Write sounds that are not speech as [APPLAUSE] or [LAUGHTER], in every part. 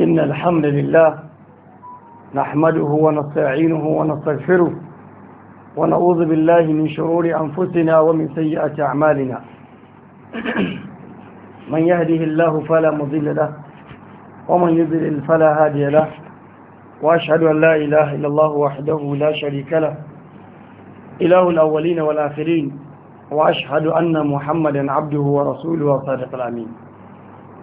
إن الحمد لله نحمده ونستعينه ونستغفره ونعوذ بالله من شرور أنفسنا ومن سيئة أعمالنا [CLEARS THROAT] من يهده الله فلا مضل له ومن يضلل فلا هادي له وأشهد أن لا إله إلا الله وحده لا شريك له إله الأولين والآخرين وأشهد أن محمدا عبده ورسوله وصادق الأمين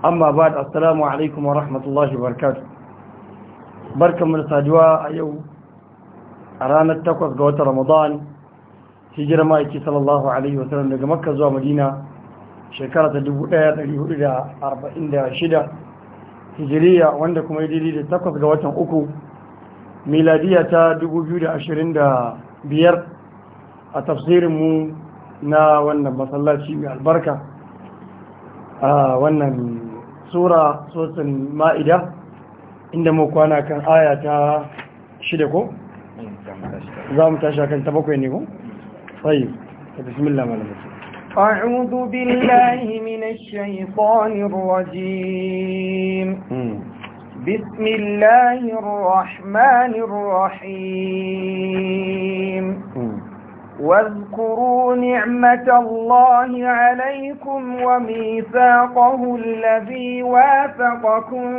amma ba da assalamu alaikum wa rahmatullahi barkatu barkan mu da a yau a ranar takwas ga watan ramadan hijira ma'aiki sallallahu alaihi wa sallam daga makka zuwa madina shekara ta 1446 hijiriya wanda kuma yi daidai da takwas ga watan uku miladiya ta 2025 a tafsirinmu na wannan masallaci mai albarka a wannan sura sosin ma'ida inda mu kwana kan aya ta shida ko? za mu tashi kan bakwai ne ko? tsayi ta bismillah malamata أعوذ بالله من الشيطان الرجيم بسم الله الرحمن الرحيم واذكروا نعمة الله عليكم وميثاقه الذي واثقكم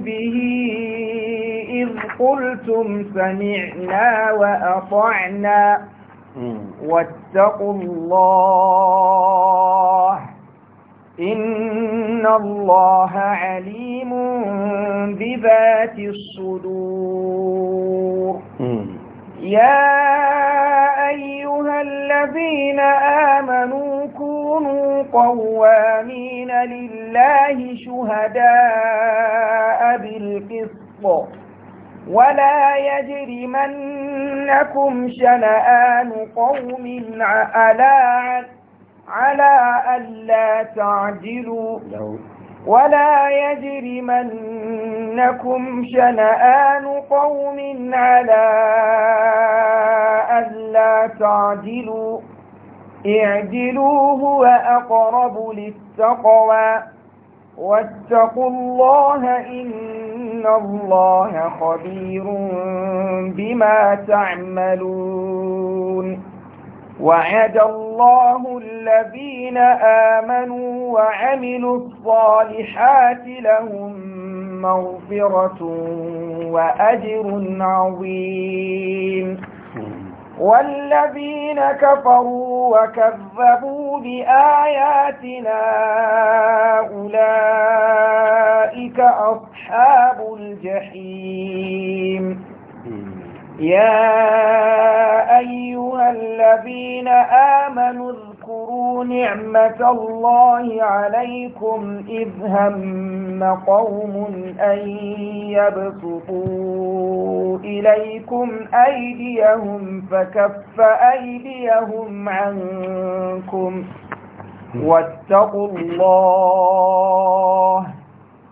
به إذ قلتم سمعنا وأطعنا واتقوا الله إن الله عليم بذات الصدور يا الذين آمنوا كونوا قوامين لله شهداء بالقسط ولا يجرمنكم شنآن قوم على على ألا تعجلوا ولا يجرمنكم شنآن قوم على ألا تعدلوا اعدلوا هو أقرب للتقوى واتقوا الله إن الله خبير بما تعملون وعد الله الذين آمنوا وعملوا الصالحات لهم مغفرة وأجر عظيم والذين كفروا وكذبوا بآياتنا أولئك أصحاب الجحيم يا أيها الذين آمنوا اذكروا نعمة الله عليكم إذ هم قوم أن يبسطوا إليكم أيديهم فكف أيديهم عنكم واتقوا الله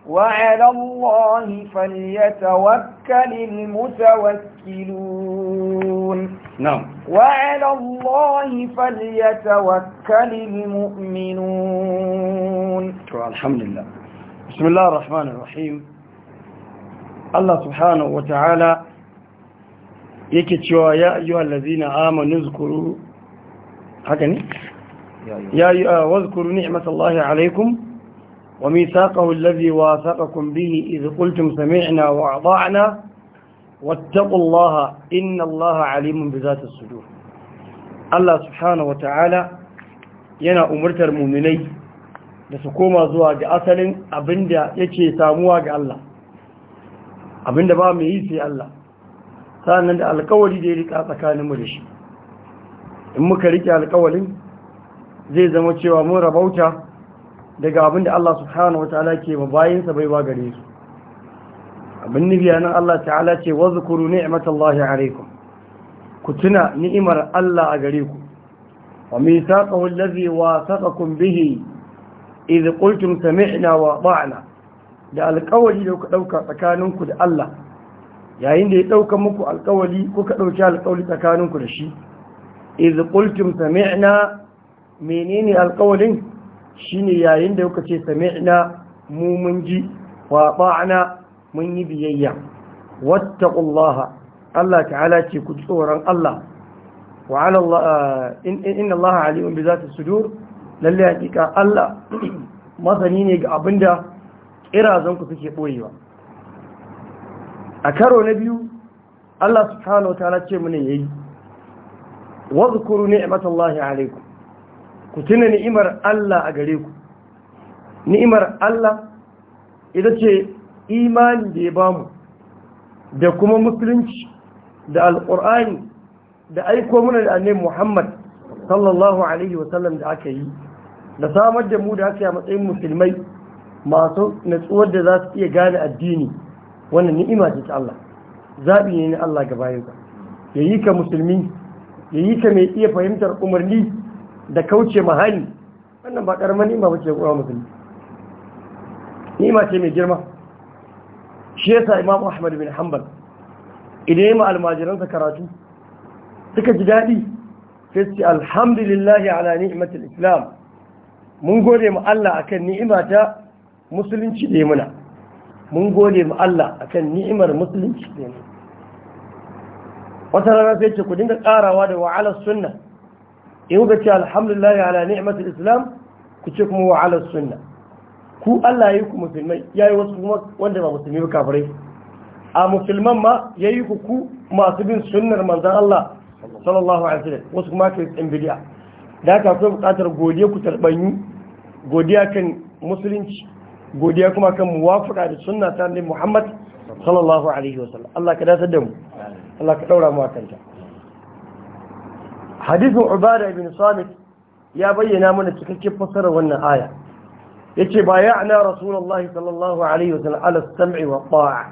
وعلى الله فليتوكل المتوكلون نعم وعلى الله فليتوكل المؤمنون الحمد لله بسم الله الرحمن الرحيم الله سبحانه وتعالى يكتشوا يا أيها الذين آمنوا اذكروا حكني يا أيها واذكروا نعمة الله عليكم وميثاقه الذي واثقكم به إذ قلتم سمعنا وأطعنا واتقوا الله إن الله عليم بذات الصدور الله سبحانه وتعالى yana umurtar muminai da su koma zuwa ga asalin abinda yake samuwa ga Allah abinda ba mai yi sai Allah sannan da alkawari da ya rika tsakaninmu da shi in muka rike alkawarin zai zama cewa mun rabauta daga abin da Allah subhanahu wa ta'ala ke bayansa bai ba gare su abin nufi nan Allah ta'ala ce wa zukuru ni'matallahi alaikum ku tuna ni'imar Allah a gare ku wa mithaqahu allazi wasaqakum bihi idh qultum sami'na wa ata'na da alƙawari da kuka dauka tsakaninku da Allah yayin da ya dauka muku alƙawari kuka dauki alƙawari tsakaninku da shi idh qultum sami'na menene alƙawarin shine yayin da kuka ce sami'na mu mun ji wa ta'ana mun yi biyayya wattaqullaha Allah ta'ala ce ku tsoron Allah wa ala Allah eh, inna Allah alimun bi zati sudur lalle hakika Allah [CLEARS THROAT] masani ne ga abinda kirazan ku suke boyewa a karo na biyu Allah subhanahu wa ta'ala ce mun yayi wa zkuru ni'matallahi alaikum ku tuna ni'imar Allah a gare ku ni'imar Allah ita ce imani da ya bamu da kuma musulunci da alƙur'ani da aiko mana da annabi Muhammad sallallahu alaihi wasallam da aka yi da samar da mu da aka yi matsayin musulmai masu natsuwar da za su iya gane addini wannan ni'ima ce ta Allah zaɓi ne na Allah ga bayan ya yi ka musulmi ya ka mai iya fahimtar umarni da kauce mahani wannan ba karamar nima ba ce musulmi nima ce mai girma shi yasa imam ahmad bin hanbal idan yi almajiransa karatu suka ji daɗi sai su alhamdulillahi ala ni'matul islam mun gode mu Allah akan ni'ima musulunci da muna mun gode mu Allah akan ni'imar musulunci da muna wata rana sai ce ku dinga karawa da wa'alar sunna in kuka ce alhamdulillah ala ni'matul islam ku ce kuma wa ala sunna ku Allah yayi ku musulmai yayi wasu kuma wanda ba musulmi ba kafirai a musulman ma yayi ku ku masu bin sunnar manzon Allah sallallahu alaihi wasallam wasu kuma ke tsin da ka so bukatar godiya ku tarbanyu godiya kan musulunci godiya kuma kan muwafaqa da sunna ta Muhammad sallallahu alaihi wasallam Allah ka dace da mu Allah ka daura mu akanta حديث عبادة بن صامت يا بينا من تكتب fasarar والنهاية يتي بايعنا رسول الله صلى الله عليه وسلم على السمع والطاعة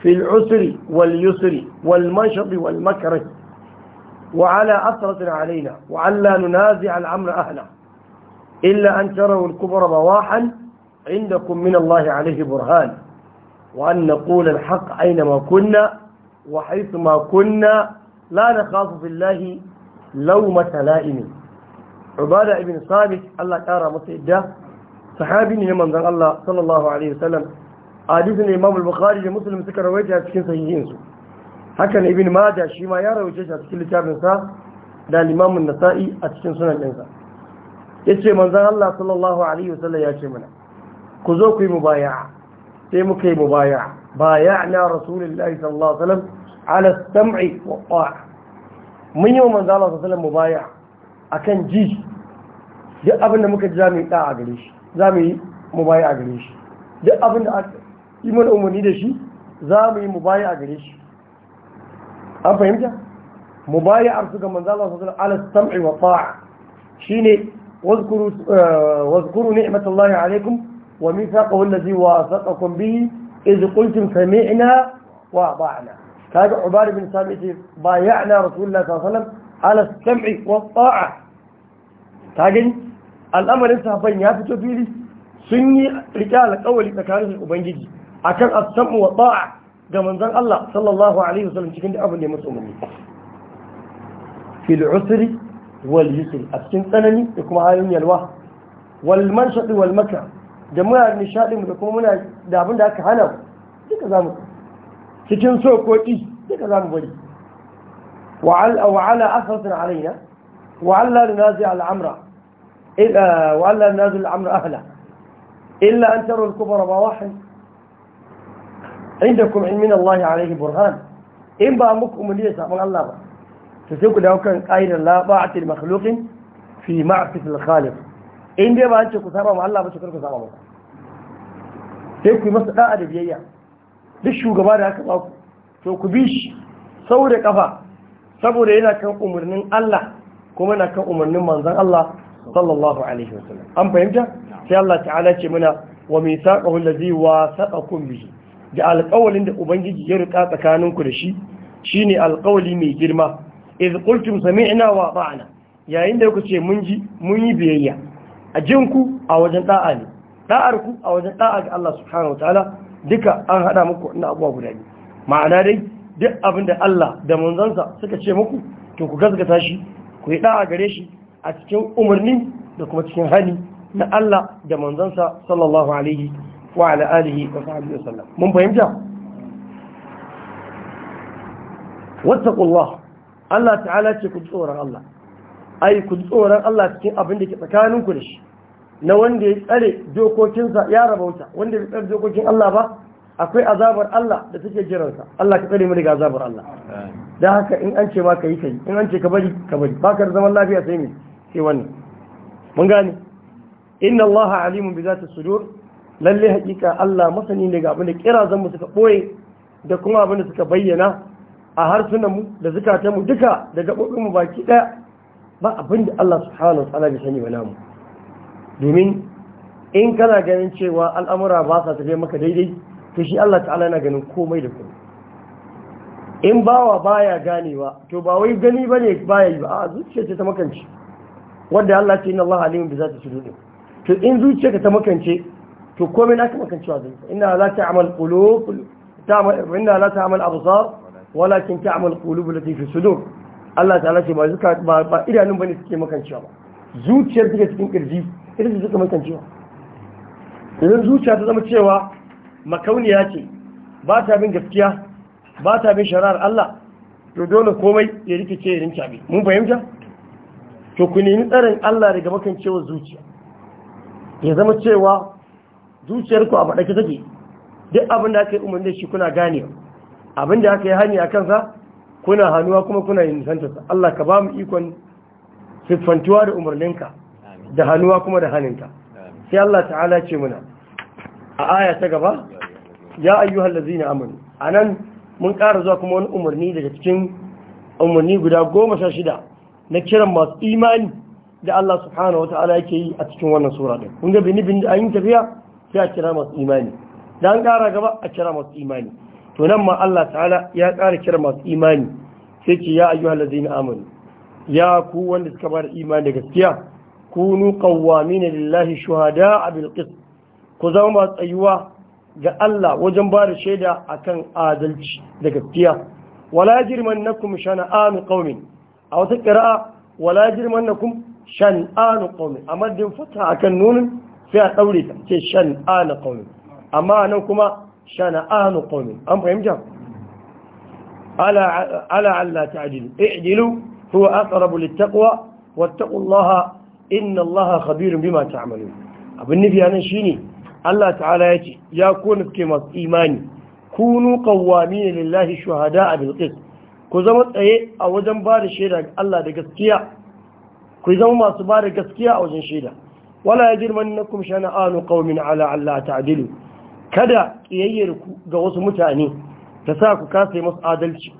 في العسر واليسر والمنشط والمكره وعلى أسرة علينا وعلى ننازع الأمر أهله إلا أن تروا الكبر بواحا عندكم من الله عليه برهان وأن نقول الحق أينما كنا وحيثما كنا لا نخاف في الله laumata la'imi ubada ibn sabit Allah kara masa yadda sahabi ne manzon Allah sallallahu alaihi wasallam hadisin Imam al-Bukhari da Muslim suka rawaita cikin sahihin su haka ne ibn Majah shi ma ya rawaita shi a cikin littafin sa da Imam an-Nasa'i a cikin sunan din sa yace manzon Allah sallallahu alaihi wasallam ya ce mana ku zo ku yi mubaya'a sai muka yi mubaya'a baya'na rasulullahi sallallahu alaihi wasallam ala sam'i wa ta'a mun yi wa manzo Allah sallallahu alaihi mubaya akan ji duk abin da muka ji za mu yi da a gare shi za mu yi mubaya gare shi duk abin da aka yi mana umarni da shi za mu yi mubaya gare shi an fahimta mubaya su ga manzo Allah sallallahu alaihi wasallam ala sam'i wa ta'a shine wazkuru eh, wazkuru ni'matallahi alaikum wa mithaqahu alladhi wasaqakum bihi idh qultum sami'na wa kaga ubar bin sami ce ba ya ana rasulullah sallallahu ala sam'i wa ta'a ta al'amarin sahabban ya fito fili sun yi rike alƙawari tsakanin ubangiji akan as-sam'u wa ta'a ga manzon Allah sallallahu alaihi wasallam cikin da abin da ya musu umarni fil a cikin tsanani da kuma halin yalwa wal da muna da kuma muna da da aka hana za mu cikin so ko ƙi duka za mu bari wa'ala asarsin alaina wa'alla da nazi al'amra wa'alla da nazi al'amra ahla illa an taro al-kubara ba wahin inda kuma ilmin Allah alaihi burhan in ba muku umarni da sabon Allah ba to sai ku dawo kan ƙa'idar la ba'atil makhluqin fi ma'afisul khaliq in dai ba an ce ku saba ma Allah ba ce kar saba ba sai ku yi masa da'a da biyayya duk shugaba da haka baku to ku bi shi sau da kafa saboda yana kan umarnin Allah kuma yana kan umarnin manzon Allah sallallahu alaihi wasallam an fahimta sai Allah ta'ala ce mana, wa mithaqahu allazi wasaqakum bihi da alƙawalin da ubangiji ya rika tsakaninku da shi shine alƙawali mai girma iz qultum sami'na wa ata'na yayin da kuce mun ji mun yi biyayya a jinku a wajen da'a ne da'ar a wajen da'a ga Allah subhanahu duka an hada muku na abuwa guda biyu ma'ana dai duk abin da Allah da manzansa suka ce muku to ku gaskata shi ku yi da'a gare shi a cikin umarni da kuma cikin hali na Allah da manzansa sallallahu alaihi wa ala alihi wa sahbihi sallam mun fahimta wattaqullah Allah ta'ala ce ku tsoron Allah ai ku tsoron Allah cikin abin da ke tsakaninku da shi na wanda ya tsare dokokinsa ya rabauta wanda ya tsare dokokin Allah ba akwai azabar Allah da take jiransa Allah ka tsare mu daga azabar Allah da haka in an ce ma ka yi kai in an ce ka bari ka bari ba ka zaman lafiya sai me sai wannan mun gane inna Allah alimun bi zati sudur lalle hakika Allah masani ne ga abin da kirazan mu suka boye da kuma abin da suka bayyana a harsunan mu da zukatan mu duka da gabobin mu baki daya ba abin da Allah subhanahu wa ta'ala bai sani ba namu domin in kana ganin cewa al'amura ba sa tafiya maka daidai to shi Allah ta'ala yana ganin komai da komai in bawa baya ganewa to ba wai gani bane baya yi ba a zuciya ce ta makance wanda Allah ce ina Allah alimun ta zati dole to in zuciya ta makance to komai na naka makancewa zai ina la ta'mal qulub ta'mal inna la ta'mal absar walakin ta'mal qulub allati fi sudur Allah ta'ala ce ba zuka ba idanun bane suke makancewa ba zuciyar take cikin kirji irin su suka cewa, idan zuciya ta zama cewa makauniya ce ba ta bin gaskiya ba ta bin shara'ar Allah to dole komai ya rike ce rinca cabe mun fahimta to ku nemi tsarin Allah daga cewa zuciya ya zama cewa zuciyarku a faɗake take duk abin da aka yi umarni shi kuna gane abin da aka yi hanyar a kansa kuna hannuwa kuma kuna yin nisantarsa Allah ka ba mu ikon siffantuwa da umarninka da hannuwa kuma da hannunta sai Allah ta'ala ce muna a aya ta gaba ya ayyuhal ladzina amanu anan mun ƙara zuwa kuma wani umarni daga cikin umarni guda goma sha shida na kiran masu imani da Allah subhanahu yake yi a cikin wannan sura din kun ga binibin da an yi tafiya sai a kira masu imani da an ƙara gaba a kira masu imani to nan ma Allah ta'ala ya ƙara kira masu imani sai ce ya ayyuhal na amanu ya ku wanda suka bada imani da gaskiya kunu qawwamina lillahi shuhada bil qist ku zama masu tsayuwa ga Allah wajen ba da shaida akan adalci da gaskiya wala jirmannakum shana'anu qaumin a wata qira'a wala jirmannakum shan'anu qaumin a madin fata akan nunin sai a daure ta ce shan'anu qaumin amma nan kuma shana'anu qaumin an fahimta ala ala alla ta'dilu i'dilu huwa aqrabu littaqwa wattaqullaha inna allaha khabirun bima ta'malun abin nufi anan shine Allah ta'ala ya ce ya kone ke masu imani kunu qawwami lillahi shuhada'a bil qist ku zama tsaye a wajen ba da shaida ga Allah da gaskiya ku zama masu ba da gaskiya a wajen shaida wala yajrimannakum shana'anu qawmin ala alla ta'dilu kada kiyayyar ku ga wasu mutane ta sa ku kasa masu adalci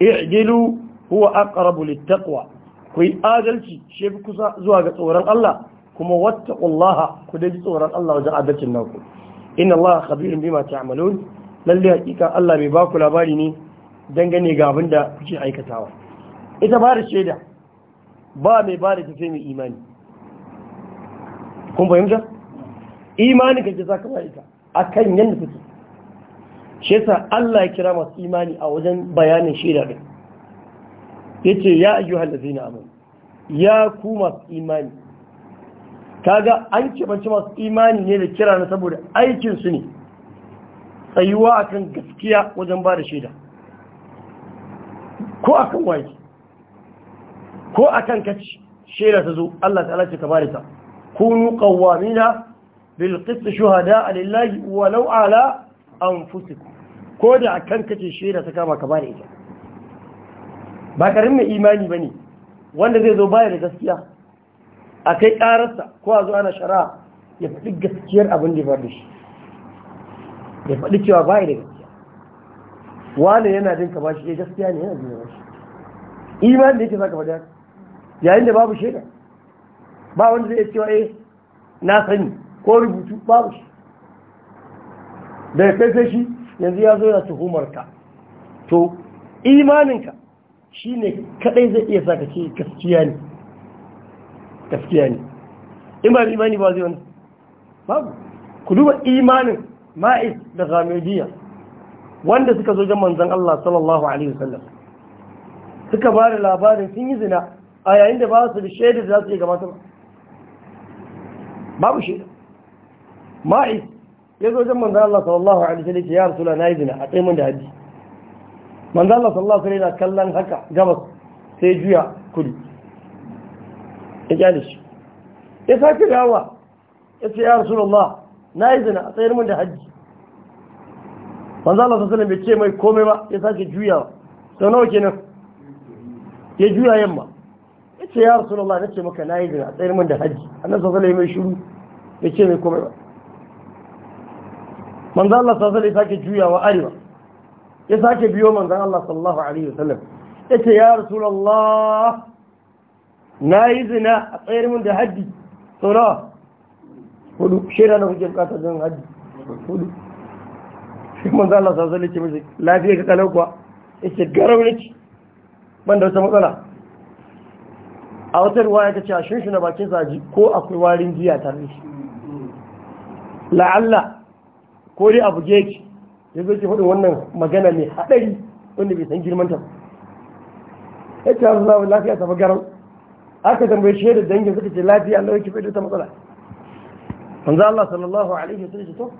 i'dilu huwa aqrabu taqwa ku yi adalci shi fi kusa zuwa ga tsoron Allah kuma ƙullaha ku dai tsoron Allah wajen adalcin ku. inna Allah khabirun bima ta'malun lalle hakika Allah mai baku labari ne dangane ga abin da kuke aikatawa ita ba da shaida ba mai ba da tafi mai imani kun fahimta imani kake zaka ba ita akan yanda take shi yasa Allah ya kira masu imani a wajen bayanin shaida din yace ya ayyuhal ladina amanu ya ku masu imani kaga an kebanci masu imani ne da kira na saboda aikin su ne tsayuwa akan gaskiya wajen ba da shaida ko akan waje ko akan kaci shaida ta zo Allah ta'ala ce ka bari ta kunu qawwamina bil qist shuhada lillahi wa law ala anfusikum ko da akan kace shaida ta kama ka bari ita ba karin mai imani ba ne wanda zai zo baya da gaskiya a kai ƙararsa ko a zo ana shara ya faɗi gaskiyar abin da ya faru shi ya faɗi cewa baya da gaskiya wane yana jin ka bashi ya eh, gaskiya ne yana jin ka bashi imani da yake ka faɗi haka yayin da babu shaida ba wanda zai cewa eh na sani ko rubutu babu shi da ya kai sai shi yanzu ya zo yana tuhumar ka to imaninka shi ne kadai zai iya saka ce gaskiya ne gaskiya ne in ba imani ba zai wani babu ku duba imanin ma'is da zamiriya wanda suka zo jan manzan Allah sallallahu alaihi wasallam suka ba da labarin sun yi zina a yayin da ba su da shaida da za su yi gabata ba babu shaida ma'is ya zo jan manzan Allah sallallahu alaihi wasallam ya rasula na yi zina a tsaye da hadisi manzo Allah sallallahu alaihi wasallam kallan haka gabas sai juya kudu ya kyale shi ya sake dawa ya ce ya rasulullah na yi zina a tsayar mun da hajji manzo Allah sallallahu alaihi bai ce mai komai ba ya sake juya sau nawa kenan ya juya yamma ya ce ya rasulullah na ce maka na yi zina a tsayar mun da hajji annabi sallallahu alaihi mai shiru bai ce mai komai ba manzo Allah sallallahu alaihi juya wa arewa ya sake biyo manzan Allah sallallahu alaihi wasallam ya ce ya rasulallah na yi zina a tsayar mun da haddi sau nawa hudu shirya na hujjar kasar zan haddi hudu shi manzan Allah sallallahu alaihi wasallam ce lafiya ka kalau kuwa ya ce garau nake ban da wata matsala a wata ruwa ya ce a shunshuna bakin saji ko akwai warin jiya tare shi la'alla ko dai abu geki ya zo ke faɗin wannan magana mai haɗari wanda bai san girman ta ya ce Allah wa lafiya ta garan aka tambaye shi da dangin suka ce lafiya Allah yake faɗi ta matsala manzo Allah sallallahu alaihi wa sallam to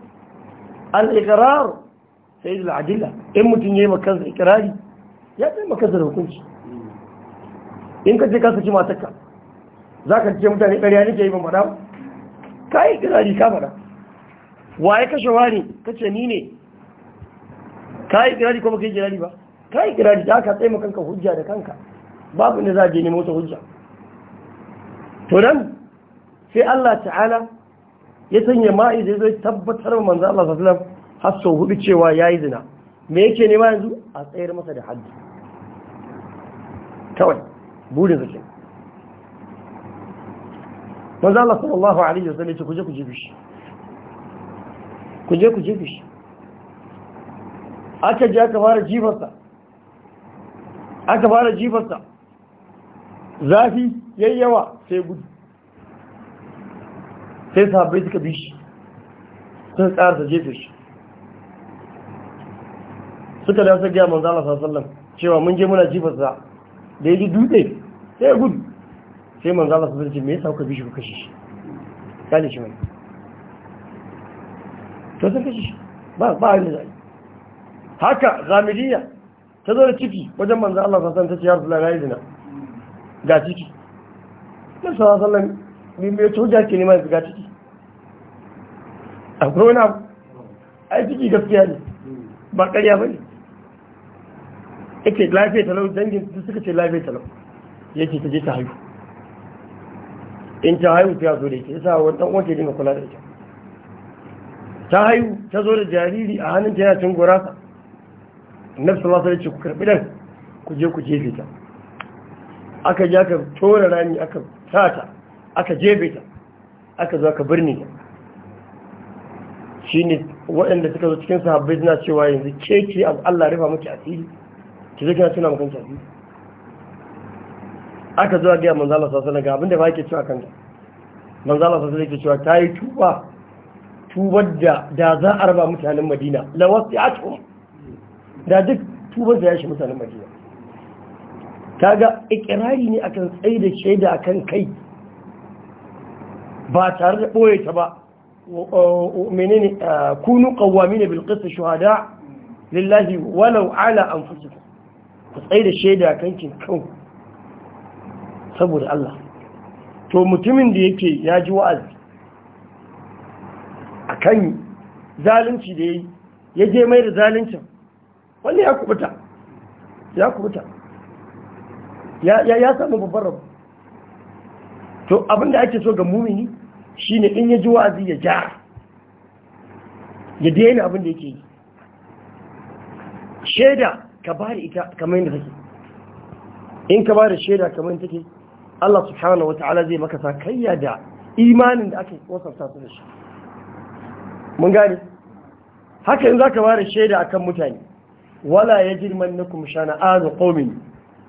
al iqrar sai da Adila, in mutum yayi maka kansa iqrari ya ce maka da hukunci in ka je ka saki Za ka ce mutane ne ke yi ba Ka yi iqrari ka fada waye kashe wani ce ni ne ka yi kirari kuma baka yi kirari ba ka yi kirari da aka tsaye kanka hujja da kanka babu inda za a je nemo hujja to nan sai Allah ta'ala ya sanya ma'iz ya zai tabbatar manzo Allah sallallahu alaihi wasallam har sau hudu cewa yayi zina me yake nema yanzu a tsayar masa da haddi kawai burin sa kenan manzo Allah sallallahu alaihi wasallam ya ce ku je ku jefe shi ku je ku shi aka ji aka fara jifarsa aka fara jifarsa zafi yayyawa sai gudu sai sabai suka bi shi sun tsarsa jefe shi suka da wasu gaya zala sallallahu cewa mun je muna jifarsa da ya ji dutse sai gudu sai zala sallallahu ce mai sauka bi shi kuka kashe shi kale shi mai to sun kashe shi ba a yi haka zamiriya ta zo da ciki wajen manzan Allah Sassan ta ce ya rasulullahi yayi zina ga ciki na sallallahu sallan wasallam me me ke ne ma ga ciki kuma wani abu ai ciki gaskiya ne ba ƙarya bane yake lafiya talau dangin su suka ce lafiya talau yake ta je ta haihu in ta haihu ta zo da ita sa wani dan uwan ke dinga kula da ita ta haihu ta zo da jariri a hannun ta yana cin gurasa nafsu sallallahu alaihi ce ku karbi dan ku je ku jefe ta aka ji aka tora rami aka sata aka jefe ta aka zo aka birni ta shine waɗanda suka zo cikin sahabbai suna cewa yanzu keke ki Allah rufa miki asiri ki zai kina tuna maka asiri aka zo ga manzo Allah sallallahu alaihi wasallam ga abinda ba yake cewa kanta manzo Allah sallallahu alaihi wasallam ta cewa tayi tuba tubar da da za a raba mutanen Madina la wasi'atuhum da duk tubar da ya shi mutanen madina ga ikirari ne akan tsaye da shaida akan kai ba tare da ɓoye ta ba uh, menene uh, kunu kawami ne bilkisa shuhada lillahi walau ala an fusu ku tsaye da shaida kankin kan saboda Allah to mutumin da yake ya ji wa'azi a kan zalunci da ya yi ya je mai da zaluncin wanda ya kubuta ya kubuta ya samu babban rabu to abinda ake so ga mumini shine in ya ji wa'azi ya ja ya daina abinda yake yi shaida ka ba da ita kamar yadda take in ka ba da shaida kamar yadda take Allah subhanahu wata'ala zai maka kayya da imanin da ake wasanta su da shi mun gane haka in za ka ba da shaida akan mutane wala ya jirman na kuma shana anu ƙomin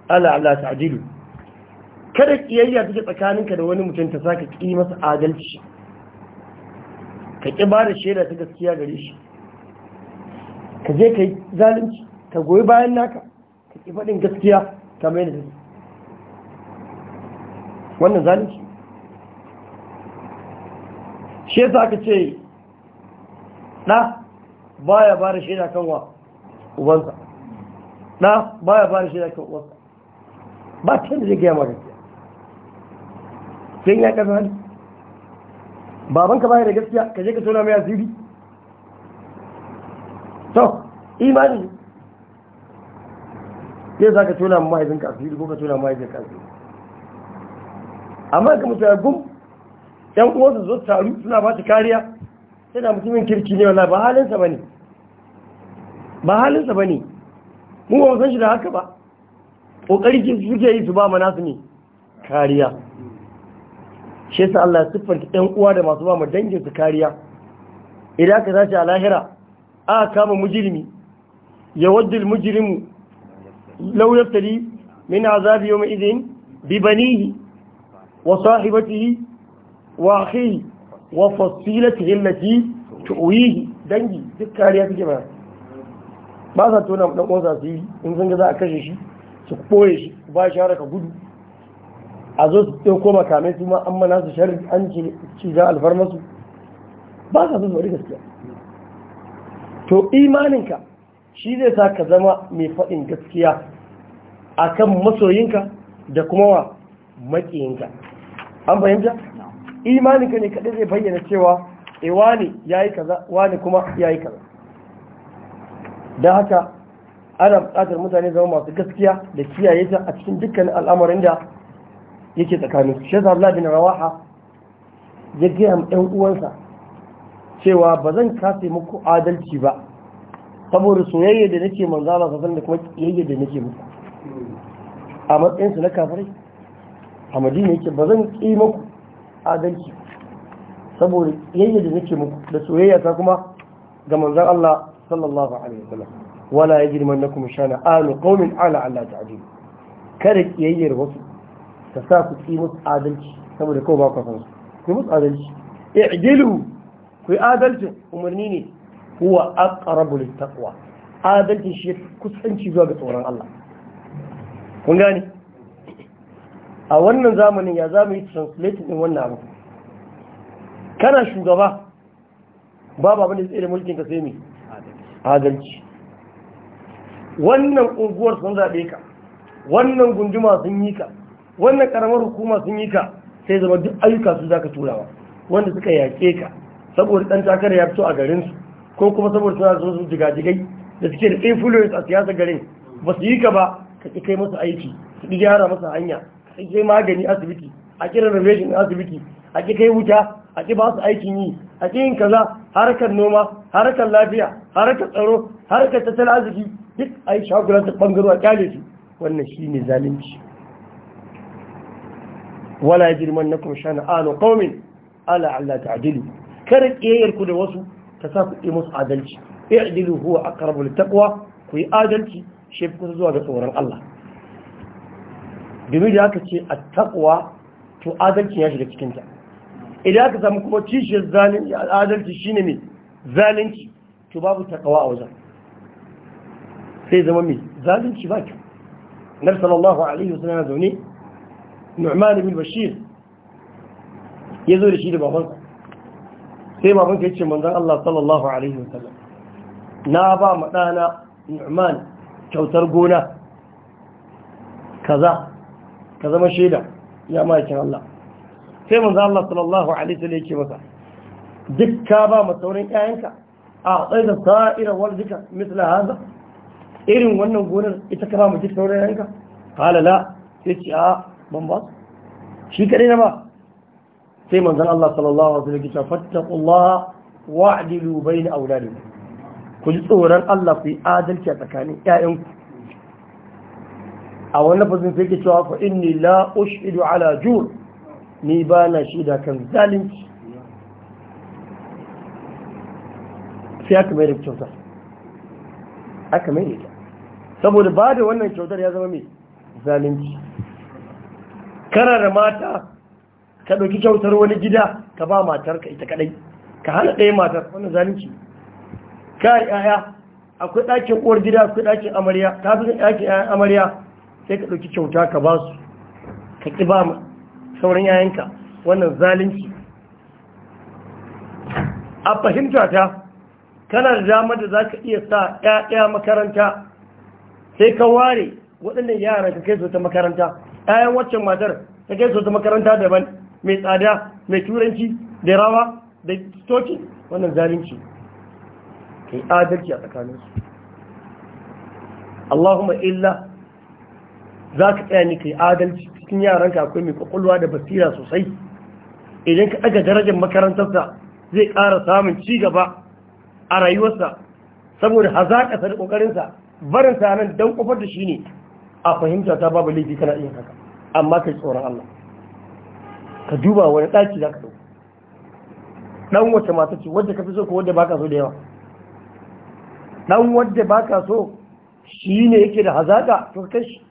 ala ala ta'adilu kada ƙiyayya take tsakaninka da wani mutum ta saka ƙi masa adalci ka ƙi ba da shaida ta gaskiya gare shi ka je ka yi zalunci ka goyi bayan naka ka ƙi faɗin gaskiya kamar yadda take wannan zalunci shi sa ka ce ɗa baya ba da shaida kan wa ubansa na ba ya ba da shaida ubansa ba ta da zai gaya ma gaskiya sai ya ƙasa hali babanka ba ya da gaskiya ka je ka tona mai asiri to imani ne za ka tona mahaifinka asiri ko ka tona mahaifinka asiri amma ka mutu ya gum yan uwansa zo taru suna ba ta kariya sai da mutumin kirki ne wala ba halinsa ba ne ba halinsa ba ne mu ba san shi da haka ba ƙoƙari suke yi su ba ma nasu ne kariya shi yasa Allah ya siffanta ɗan uwa da masu ba ma dangin su kariya idan ka tashi a lahira kama mujirmi, ya waddul mujrimu law yaftali min azabi yawma idhin bi banihi wa sahibatihi wa akhihi wa fasilatihi allati tuwihi dangi duk kariya suke ba ba sa tona dan uwansa su yi in sun ga za a kashe shi su koye shi ba shi har ka gudu a zo su ɗauko makamai su ma an mana su shari an ci za alfarmasu ba sa su faɗi gaskiya to imaninka shi zai sa ka zama mai faɗin gaskiya a kan masoyinka da kuma wa maƙiyinka an fahimta imaninka ne kaɗai zai bayyana cewa e eh, wani ya yi kaza wani kuma ya yi kaza don haka ana buƙatar mutane zama masu gaskiya da kiyaye ta a cikin dukkan al'amarin da yake tsakanin shi yasa Allah bin Rawaha ya gaya ma ɗan uwansa cewa ba zan kafe muku adalci ba saboda soyayya da nake manzo Allah sa da kuma yayya da nake muku a matsayin su na kafirai a Madina yake ba zan ƙi muku adalci saboda yayya da nake muku da soyayya ta kuma ga manzan Allah sallallahu alaihi wasallam wala yajrimannakum shana'anu qaumin ala alla ta'dil kada kiyayyar wasu ta sa ku yi musu adalci saboda kawai ba san su ku musu adalci i'dilu ku yi adalci umarni ne huwa aqrabu littaqwa adalci shi kusanci zuwa ga tsoron Allah kun gane a wannan zamanin ya zamu yi translating wannan abu kana shugaba babu abin da zai mulkin ka sai me adalci wannan unguwar sun zaɓe ka wannan gunduma sun yi ka wannan ƙaramar hukuma sun yi ka sai zama duk ayyuka su za ka turawa wanda suka yaƙe ka saboda ɗan takarar ya fito a garinsu ko kuma saboda suna zuwa su jigajigai da suke da influence a siyasa garin ba su yi ka ba ka ƙi kai masa aiki su ɗi gyara masa hanya ka ƙi kai magani asibiti a ƙi renovation asibiti a ƙi kai wuta a ƙi ba su aikin yi a ƙi yin kaza harkar noma harkar lafiya harkar tsaro harkar tattalin arziki duk a yi shagulan ta ɓangaro a ƙyale su wannan shi ne zalunci wala girman na kuma shana ano ƙaumin ala Allah ta adili kada ƙiyayyar ku da wasu ta sa ku musu adalci i'dilu huwa aqrabu littaqwa ku yi adalci shi kusa zuwa ga tsoron Allah domin da aka ce a taƙwa to adalci ya shiga cikinta idan aka samu kuma kishiyar zalunci adalci shine mai zalinci to babu takawa a wajen sai zama mai zalinci ba kyau nar sallallahu alaihi wasallam zaune nu'man ibn bashir ya zo da shi da babansa sai baban ka yace manzon Allah sallallahu alaihi wasallam na ba ma dana nu'man kyautar gona kaza ka zama shaida ya ma'aikin Allah sai manzo Allah sallallahu alaihi wasallam yake masa duk ka ba ma sauran ƴaƴanka a tsaye da sa'ira wal dika misla haza irin wannan gonar ita ka ba mu duk sauran ƴaƴanka qala la yace a ban ba shi kadai na ba sai manzon Allah sallallahu alaihi wasallam yake fattaqullaha wa'dilu bayna auladikum ku ji tsoron Allah ku yi adalci a tsakanin ƴaƴanku a wani lafazin sai ke cewa fa inni la ushidu ala jur ni ba na shida kan zalunci sai aka mai da kyautar aka mai da saboda ba da wannan kyautar ya zama mai zalunci kana da mata ka ɗauki kyautar wani gida ka ba matar ka ita kadai ka hana ɗaya matar wannan zalunci ka yaya akwai ɗakin uwar gida akwai ɗakin amarya ta fi ɗakin amarya sai ka ɗauki kyauta ka ba su ka ƙi ba sauran yayanka wannan zalunci a fahimta ta kana da damar da za ka iya sa ɗaya makaranta sai ka ware waɗannan yaran ka kai su makaranta 'ya'yan waccan matar ka kai su makaranta daban mai tsada mai turanci da rawa da stoki wannan zalunci ka yi adalci a tsakaninsu Allahumma illa za ka tsaya ne ka yi adalci cikin yaranka akwai mai kwakwalwa da basira sosai idan ka ɗaga darajar makarantarsa zai ƙara samun ci gaba a rayuwarsa saboda hazaƙasa da ƙoƙarinsa barinsa nan don ƙofar da shi ne a fahimta ta babu laifi kana iya haka amma kai tsoron Allah ka duba wani ɗaki za ka ɗau ɗan wacce mata ce wadda ka fi so ko wadda baka so da yawa ɗan wadda baka so shi ne yake da hazaƙa to kai shi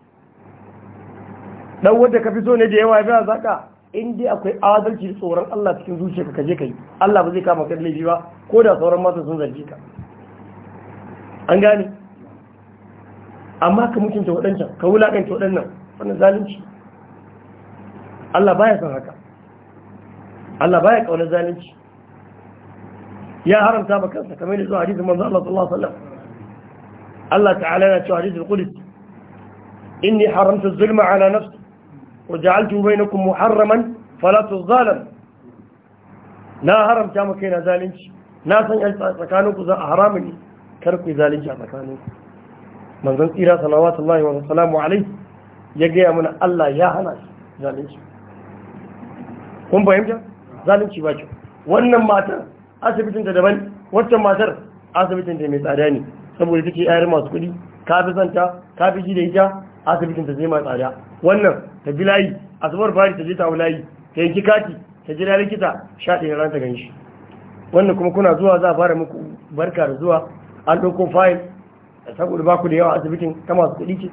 dan wanda ka fi so ne da yawa ya zaka in dai akwai adalci tsoron Allah cikin zuciyarka ka je ka yi Allah ba zai kama ka laifi ba ko da sauran mata sun zargi ka an gane amma ka mutunta waɗancan ka wulaƙanta waɗannan wannan zalunci Allah baya son haka Allah baya kaunar zalunci ya haramta ba kansa kamar yadda zuwa hadisin manzo Allah sallallahu alaihi wasallam Allah ta'ala ya ce hadisul qudsi inni haramta zulma ala nafsi وجعلته بينكم محرما فلا تظالم لا هرم جامع كينا ذالنج ناسا يتسكانوك ذا أهرامني كركو ذالنج أتسكانوك من ذنب إلى صلوات الله والسلام عليه يجي من الله يا هناش ذالنج kun fahimta zalunci ba kyau wannan matar asibitinta daban waccan matar asibitinta mai tsada ne saboda take yayar masu kuɗi ka fi santa ka ji da ita asibitinta zai mai tsada wannan ta ji layi a tsawar fari ta je ta layi ta yanki kati ta jira likita sha ɗaya ran ta ganshi wannan kuma kuna zuwa za a fara muku barka da zuwa an ɗauko fayil saboda baku da yawa asibitin ta masu kuɗi ce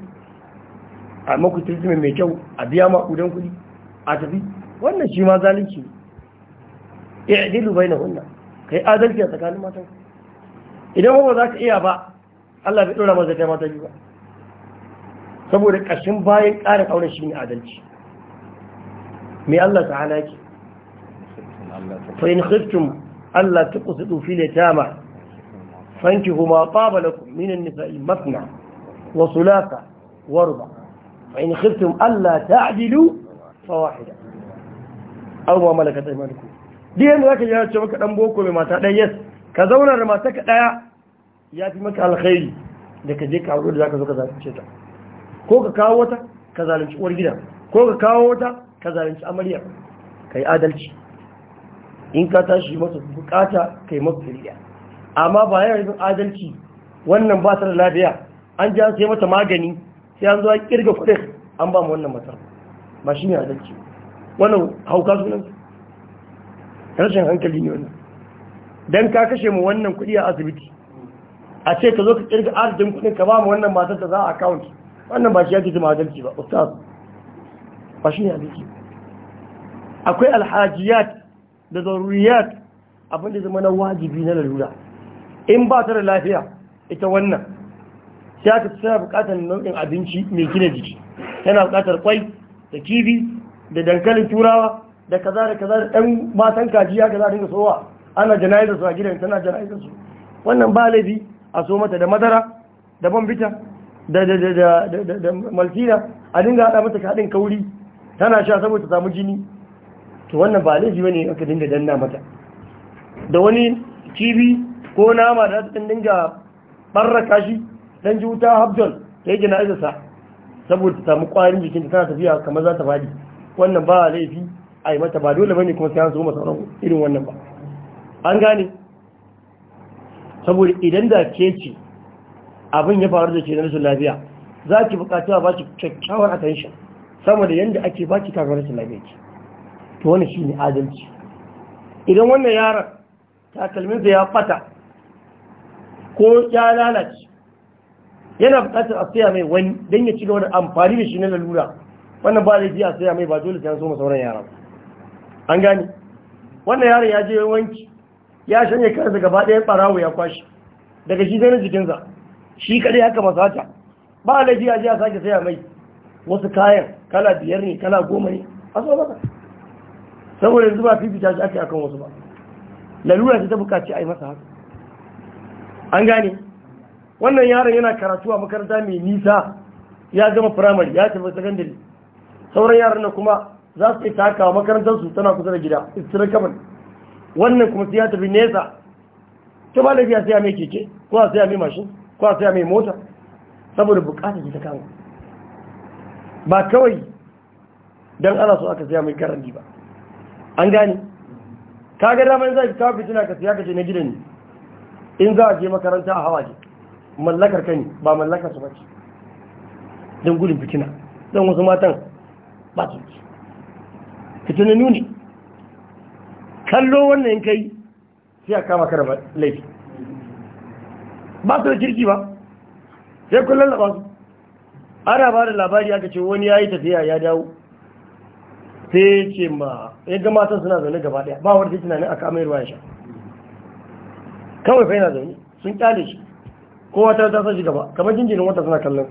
a maku tilitimin mai kyau a biya ma ƙudan kuɗi a tafi wannan shi ma zalunci ne ya eh, dilu bai na hunna ka yi adalci a tsakanin matan idan ba za ka iya ba Allah bai ɗora masa taimata mata biyu ba saboda ƙashin bayan ƙara ƙaunar shi ne adalci mai Allah ta hana ki fa'in khiftum Allah ta kusa tsofi da tama fanki kuma ƙabalakun minin nisa'i mafna wa sulasa warba fa'in khiftum Allah ta adilu fawahida abuwa malaka ta imanku diyan da zaka yi ya ce maka ɗan boko mai mata ɗan yes ka zauna da mata ka ɗaya ya fi maka alkhairi da ka je ka aure da zaka zo ka zaɓi ta ko ka kawo wata ka zalunci uwar gida ko ka kawo wata ka zalunci amarya yi adalci in ka tashi masa bukata yi masa kariya amma ba yana yin adalci wannan ba ta da lafiya an ji an sai mata magani sai an zo kirga kudin an ba mu wannan matar ba shi ne adalci wannan hauka sunan rashin hankali ne wannan dan ka kashe mu wannan kudi a asibiti a ce ka zo ka kirga adadin kudin ka ba mu wannan matar da za a akawunti. wannan ba shi yake jima adalci ba ustaz ba shi ne adalci akwai alhajiyat da zaruriyat abinda zama na wajibi na lalura in ba ta da lafiya ita wannan sai aka tana bukatar nau'in abinci mai gina jiki tana bukatar kwai da kibi da dankalin turawa da kaza da kaza da matan kaji ya kaza dinga sowa ana da su a gidan tana da su wannan ba laifi a so mata da madara da bambita da da da da da da maltina a dinga haɗa mata kaɗin kauri tana sha saboda ta samu jini to wannan ba laifi bane aka dinga danna mata da wani kibi ko nama da ta dinga barraka shi dan ji wuta habdol ta yi jana'izar sa saboda ta samu kwarin jikinta tana tafiya kamar za ta fadi wannan ba laifi a yi mata ba dole bane kuma sai an so masa irin wannan ba an gane saboda idan da ke ce abin ya faru da ke na rashin lafiya za ki bukatuwa ba ki kyakkyawar attention sama da yadda ake ba ki kakar rashin lafiya ki to wani shi ne adalci idan wannan yaron takalminsa ya fata ko ya lalace yana bukatar a saya mai wani don ya ci gaba da amfani da shi na lalura wannan ba zai a saya mai ba dole sai an so ma sauran yaran an gane wannan yaron ya je wanki ya shanye kansa gaba ɗaya ɓarawo ya kwashi daga shi zai na jikinsa shi kare haka masata ba laifi a jiya sake saya mai wasu kayan kala biyar ne kala goma ne a so maka saboda yanzu ba fifita shi ake akan wasu ba lalura ce ta bukaci a yi masa haka an gane wannan yaron yana karatu a makaranta mai nisa ya gama firamare ya tafi sakandare sauran yaran na kuma za su yi takawa makarantarsu tana kusa da gida istirar kamar wannan kuma sai ya tafi nesa ta ba lafiya a sai ya mai keke ko a sai ya mai mashin ko a saya mai mota saboda bukatar ta kama ba kawai don ana so aka saya mai karanti ba an gane ka ga daman za ki kawo fitina ka siya ka ce na gidan in za a je makaranta a hawa ce mallakar ka ba mallakar su ba ce don gudun fitina don wasu matan ba su ce fitina nuni kallo wannan kai sai a kama kara laifi ba su da kirki ba sai kun lallaba su ana ba da labari aka ce wani ya yi tafiya ya dawo sai ce ma ya ga matan suna zaune gaba daya ba wanda tunanin aka amai ruwa ya sha kawai fai na zaune sun kyale shi kowa ta tasa shi gaba kamar jinjirin wata suna kallon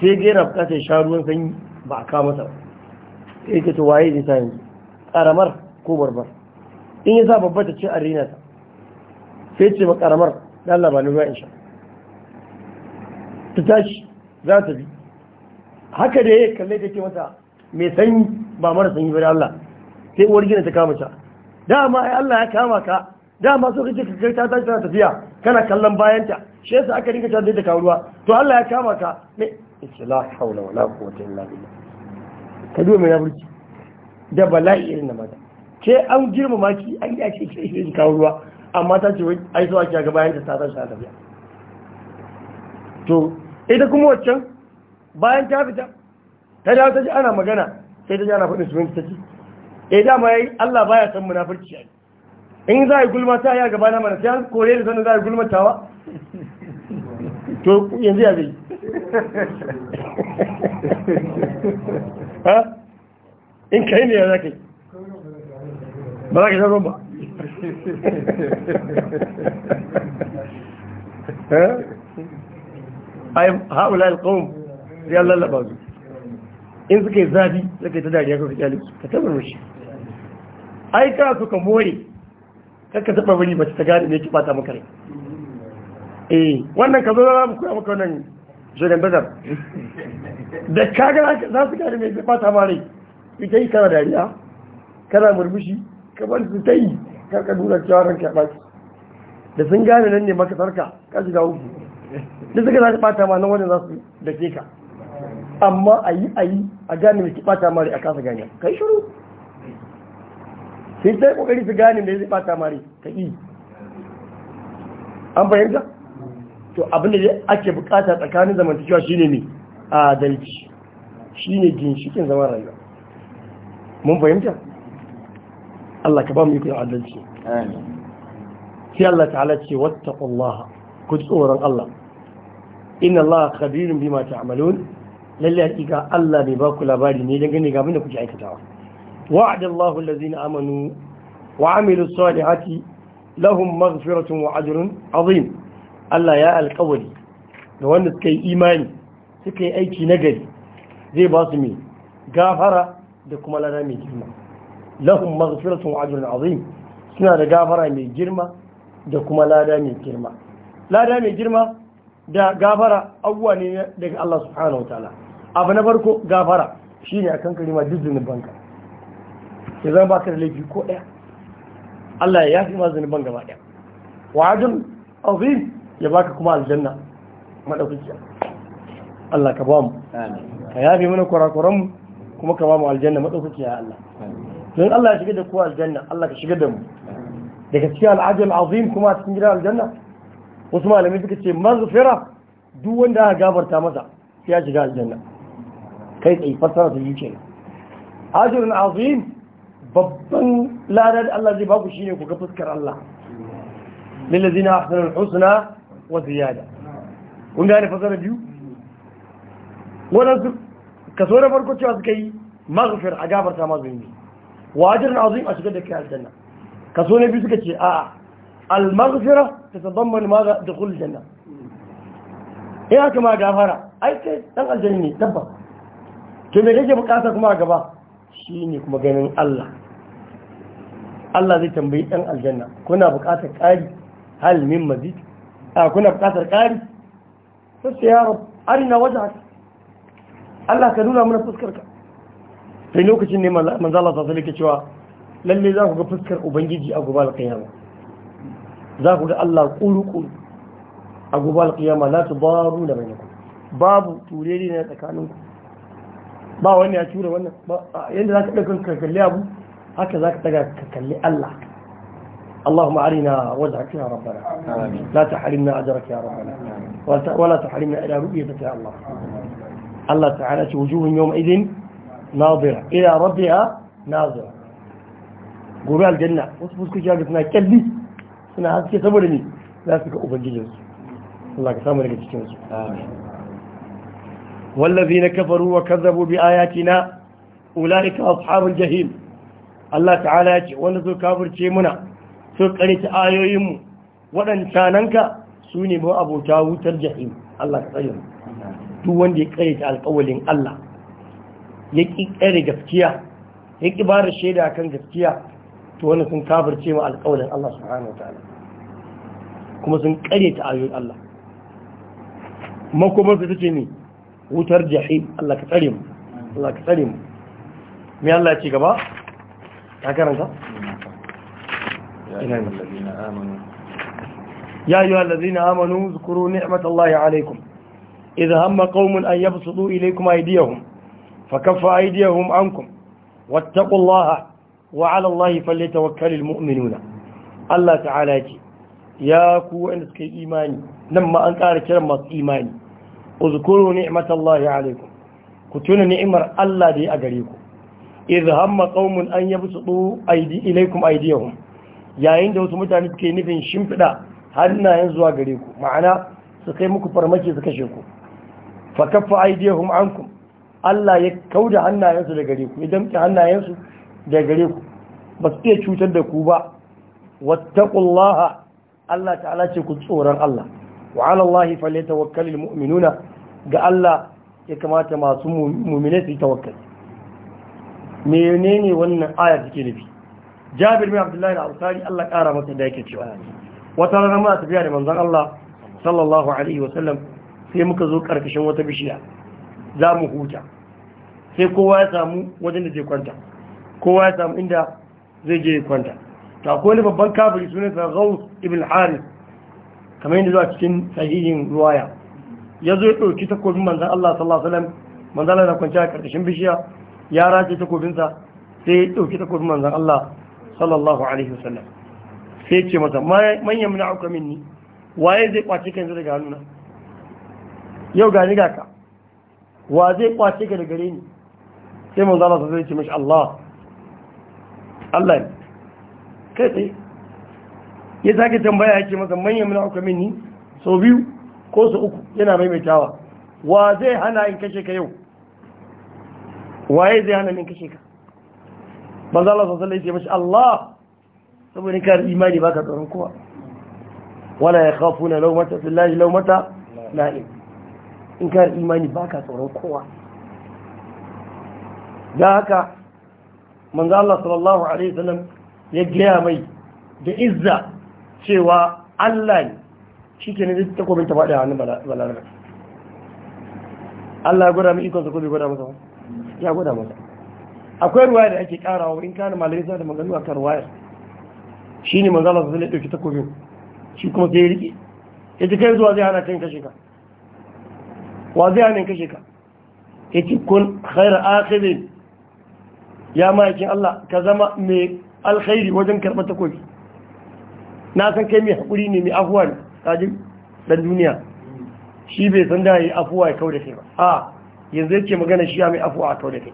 sai ga yana bukatar sha ruwan sanyi ba a kama sa. sai ke waye zai sa yanzu karamar ko barbar in ya sa babbar ta ce a rena ta sai ce ma karamar da Allah ba ni ruwa in sha ta tashi za ta bi haka da ya kalle take mata mai sanyi ba mara sanyi ba da Allah sai uwar gina ta kama ta dama ai Allah ya kama ka dama so kace ka ta tashi ta tafiya kana kallon bayanta shi yasa aka rinka ta da kawo ruwa to Allah ya kama ka me la haula wala quwwata illa billah ka duba mai burki da bala'i irin na mata ke an girmama ki an yi ake ke kawo ruwa amma ta ce ai zuwa ki ga bayan ta ta tashi tafiya to ita kuma waccan bayan ta fita ta dawo ta ji ana magana sai ta ji ana faɗin sunan ta ce eh dama yayi Allah baya san munafurci ai in za a yi gulma ta ya gaba na mana sai an kore da sanin za a yi gulma tawa to yanzu ya zai [LAUGHS] ha in kai ne ya za yi ba za ka shan ba Eh? ai haula alqawm ya lallaba su in suka yi zafi suka yi ta dariya ka kyale ka tabar mushi ai ka su ka more kaka taba wani mace ta gari ne ki bata maka rai eh wannan ka zo za mu koya maka wannan shirin bazar da kaga za su gari ne ki bata ma rai ita yi kana dariya kana murmushi ka ban su ta yi karka nuna cewa ranka ya ɓaci da sun gane nan ne maka sarka ka shiga uku da suka za ta ɓata ma nan wani za su dake ka amma a yi a yi a gane mai ɓata mare a kasa gane ka yi shiru sai ta yi ƙoƙari su gane mai zai ɓata mare ka yi an fahimta to abinda da ake bukata tsakanin zamantakewa shine ne adalci shine ginshikin zaman rayuwa mun fahimta Allah ka ba mu ikon adalci sai Allah ta'ala ce wattaqullaha ku tsoron Allah inna Allah khabirun bima ta'malun lalle Allah bai ba ku labari ne dangane ga abin da kuke aikatawa wa'ada Allahu allazina amanu wa amilus salihati lahum maghfiratun wa ajrun azim Allah ya alƙawari ga wanda suka yi imani suka yi aiki nagari zai ba su mai gafara da kuma lada mai girma lahum maghfiratun wa ajrun azim suna da gafara mai girma da kuma lada mai girma lada mai girma da gafara abuwa ne daga Allah subhanahu wa ta'ala abu na farko gafara shine akan kalima duk banka sai zan baka da laifi ko ɗaya Allah ya yafi ma zunuban gaba ɗaya wa ajrun azim ya baka kuma aljanna madaukaki Allah ka ba mu ka yafi mana mu kuma ka ba mu aljanna ya Allah don Allah ya shiga da kowa aljanna Allah ka shiga da mu daga cikin al'ajul azim kuma cikin gidan aljanna wasu malamai suka ce fira duk wanda aka gabarta masa ya shiga aljanna kai tsaye fassara ta yi kenan ajrun azim babban da Allah zai baku shine ku ga fuskar Allah lillazina ahsanul husna wa ziyada kun gane fasara biyu wannan kaso na farko cewa suka yi maghfir a gabarta ma zunubi wa ajrun azim a shiga da kai aljanna kaso na biyu suka ce a'a al-maghfira tatadammanu ma dukhul janna in aka ma gafara ai kai dan aljanna ne tabba. to me kake bukata kuma a gaba shine kuma ganin Allah Allah zai tambayi dan aljanna kuna bukatar ƙari hal min mazid a kuna bukatar ƙari sai ya rab arina wajhaka Allah ka nuna mana fuskar ka sai lokacin ne manzala ta sallallahu alaihi cewa lalle za ku ga fuskar ubangiji a gubal kiyama za ku ga Allah kuru a gubal kiyama la tubaru da mai ku babu turere ne tsakanin ku ba wani ya tura wannan yanda za ka ɗaukan ka kalli abu haka za ka ɗaga ka kalli Allah اللهم أرنا وجهك يا ربنا لا تحرمنا أجرك يا ربنا ولا تحرمنا إلى رؤيتك يا الله الله تعالى وجوه يومئذ nazira ila rabbiha nazira gobe aljanna wasu fuskoki haka suna kyalli suna haske saboda ne za su ga ubangijinsu Allah ka samu daga cikinsu wallafi na kafaru wa kazzabu bi ayatina ulaika ashabul jahil Allah ta'ala ya ce wanda zo kafirce muna sun karita ayoyinmu waɗancananka su ne ba abota wutar jahim Allah duk wanda ya karita alƙawalin Allah ya ƙi tsare gaskiya ya ƙi ba da shaida a kan gaskiya to wani sun kafirce ma alƙawalin Allah subhanahu wa ta'ala kuma sun ƙare ta ayoyin Allah makomar su ce ne wutar jahim Allah ka tsare mu Allah ka tsare mu me Allah ya ce gaba ta karanta ina ne amanu يا أيها الذين آمنوا اذكروا نعمة الله عليكم إذا هم قوم أن يبسطوا إليكم أيديهم فكف أيديهم عنكم واتقوا الله وعلى الله فليتوكل المؤمنون الله تعالى يجي يا كو أنسك إيماني لما أنكار كلمة إيماني اذكروا نعمة الله عليكم كتون نعمة الله دي أقريكم إذ هم قوم أن يبسطوا أيدي إليكم أيديهم yayin da wasu mutane suke nufin shimfiɗa hannayen zuwa gare ku ma'ana su kai muku farmaki su kashe ku fa kaffa aydihum ankum Allah ya kauda hannayensu da gare ku ya damke hannayensu da gare ku ba su iya cutar da ku ba Wataƙullaha Allah ta'ala ce ku tsoron Allah wa 'ala tawakkalin mu'minuna ga Allah ya kamata masu mu'mine su tawakkali menene wannan aya take nufi Jabir bin Abdullahi al-Ansari Allah ƙara masa da yake cewa wata rana muna tafiya da manzon Allah sallallahu alaihi wa sallam sai muka zo ƙarƙashin wata bishiya za mu huta sai kowa ya samu wajen da zai kwanta kowa ya samu inda zai je kwanta ta akwai babban kafiri sunan sa Ghaus ibn Harith kamar yadda zuwa cikin sahihin ruwaya ya zo ya ɗauki takobin manzan Allah sallallahu alaihi wasallam manzan Allah na kwanci a ƙarƙashin bishiya ya race takobinsa sai ya ɗauki takobin manzan Allah sallallahu alaihi wasallam sai ce masa manyan muna auka minni waye zai kwace ka yanzu daga hannuna yau gani ga ka wa zai kwace ka daga gare ni sai manzo Allah sai ya ce mishi Allah Allah ne kai tsaye ya sake tambaya yake masa manyan mana uku mini sau biyu ko so uku yana maimaitawa wa zai hana in kashe ka yau waye zai hana in kashe ka manzo Allah sallallahu alaihi wasallam ya ce Allah saboda ka imani baka tsoron kowa wala yakhafuna laumata fillahi laumata na'im in ka imani baka tsoron kowa da haka manzo Allah sallallahu alaihi wasallam ya gaya mai da izza cewa Allah ne shike ne zai takobin ta faɗi a hannun Allah ya gwada iko zakobi gura bai gwada masa ya gwada mu akwai ruwaya da ake karawa in kana malami sa da maganu akan ruwayar shine manzo Allah sallallahu alaihi wasallam ya dauki shi kuma sai ya rike yace kai zuwa zai hana kan kashe ka wa zai hana kashe ka yace kun khairu akhirin ya ma'aikin Allah ka zama mai alkhairi wajen karɓar takobi na san kai mai haƙuri ne mai afuwa ne tajin ɗan duniya shi bai san da ya yi afuwa ya kau da kai ba a yanzu yake magana shi ya mai afuwa a kau da kai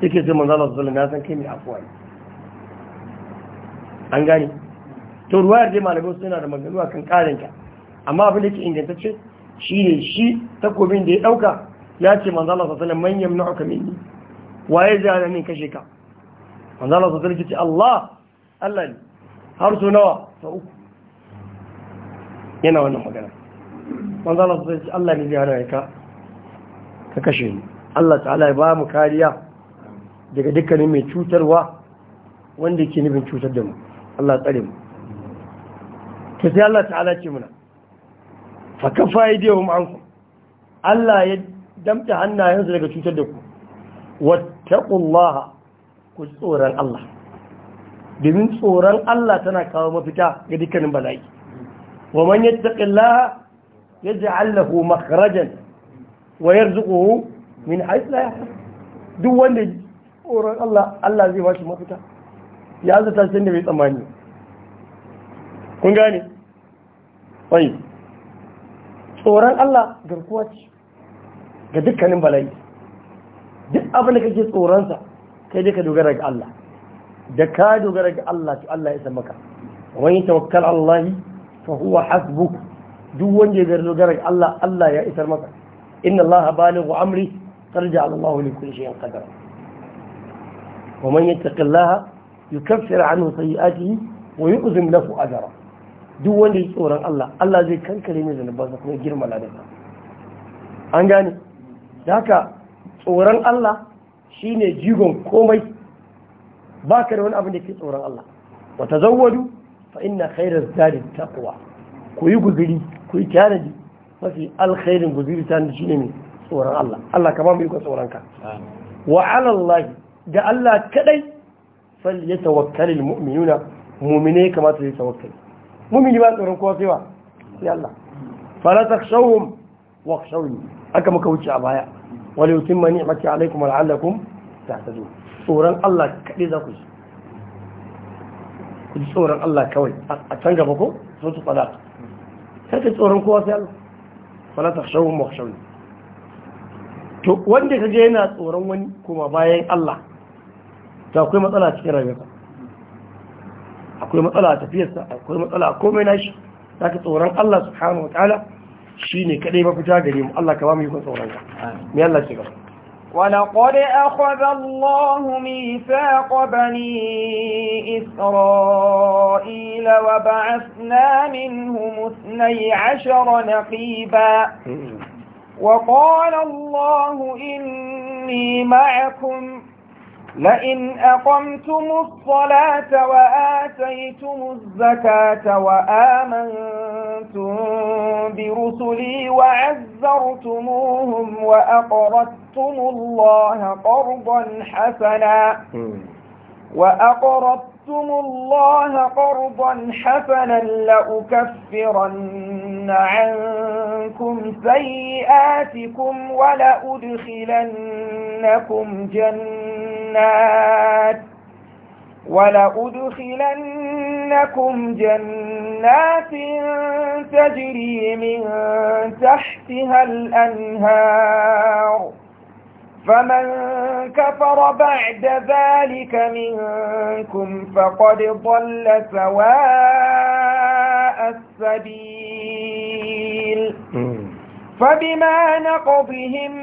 yake zai manzala su na san kai mai afuwa ne an gane to ruwayar dai malamai suna da kan ƙarin ka amma abin da ke ingantacce shi ne shi takobin da ya ɗauka ya ce manzala su manyan na'uka minni waye zai hana min kashe ka wanda Allah sallallahu alaihi Allah Allah ne har su nawa so uku yana wannan magana wanda Allah sallallahu alaihi Allah ne zai hana ka ka kashe ni Allah ta'ala ya ba mu kariya daga dukkanin mai cutarwa wanda yake nufin cutar da mu Allah tsare mu to sai Allah ta'ala ce muna fa kafa aydihum ankum Allah ya damta hannayensu daga cutar da ku wattaqullaha ku tsoron Allah domin tsoron Allah tana kawo mafita ga dukkanin bala'i wa man yattaqillaha yaj'al lahu makhrajan wa yarzuquhu min haythu la yahtasib duk wanda tsoron Allah Allah zai ba shi mafita ya zata san da bai tsammani kun gane wai tsoron Allah garkuwa ce ga dukkanin bala'i duk abin da kake tsoronsa kai dai ka dogara ga Allah da ka dogara ga Allah to Allah ya maka wa in tawakkal Allah fa huwa hasbuk duk wanda ya dogara ga Allah Allah ya isar maka inna Allah balighu amri qad ja'ala Allah li kulli shay'in qadara wa man yattaqillaha yukaffir anhu sayi'atihi wa yu'zim lahu ajra duk wanda ya tsoron Allah Allah zai kankare mai zanubansa kuma girma ladansa an gane da haka tsoron Allah shi ne jigon komai ba ka da wani abin da ke tsoron Allah wa zawadu fa ina khairar zari ta kuwa ku yi guziri ku yi tanadi mafi alkhairin ta shi ne mai tsoron Allah Allah ka ba mu ikon tsoron ka wa ala Allah ga Allah kadai fal yatawakkal al mu'minuna mu'mine kamata ya tawakkali mu'mini ba tsoron kowa sai wa sai Allah fala takhshawhum wakhshawni aka muka wuce a baya wale yutim mani maki alaikum al'allakum ta ta zo tsoron Allah kaɗai za ku ji ku ji tsoron Allah kawai a can gaba ko So su fada sai ka tsoron kowa sai Allah Fana ta shawu mu shawu to wanda ka je yana tsoron wani kuma bayan Allah to akwai matsala cikin rayuwarsa akwai matsala a tafiyarsa akwai matsala a komai na shi. Za ka tsoron Allah su hannu wa ta'ala شيني kadai ما gare mu Allah ka ba mu yi tsoron ka me ولقد أخذ الله ميثاق بني إسرائيل وبعثنا منهم اثني عشر نقيبا وقال الله إني معكم لئن أقمتم الصلاة وآتيتم الزكاة وآمنتم برسلي وعزرتموهم وأقرضتم الله قرضا حسنا وأقرضتم أَقْرَضْتُمُ اللَّهَ قَرْضًا حَسَنًا لَأُكَفِّرَنَّ عَنكُمْ سَيِّئَاتِكُمْ وَلَأُدْخِلَنَّكُمْ جَنَّاتٍ ولأدخلنكم جنات تجري من تحتها الأنهار فمن كفر بعد ذلك منكم فقد ضل سواء السبيل فبما نقضهم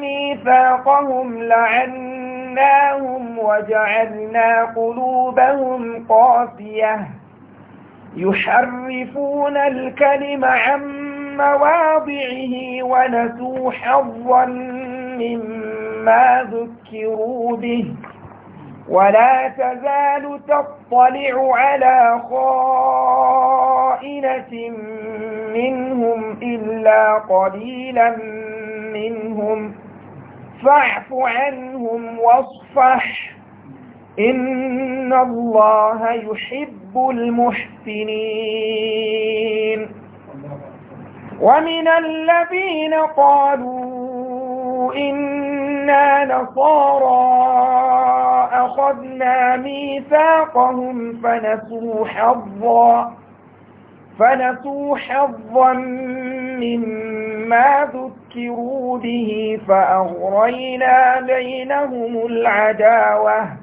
ميثاقهم لعناهم وجعلنا قلوبهم قاسية يحرفون الكلم عن مواضعه ونسوا حظا مما ذكروا به ولا تزال تطلع على خائنة منهم إلا قليلا منهم فاعف عنهم واصفح إن الله يحب المحسنين ومن الذين قالوا إنا نصارى أخذنا ميثاقهم فنسوا حظا فنسوا حظا مما ذكروا به فأغرينا بينهم العداوة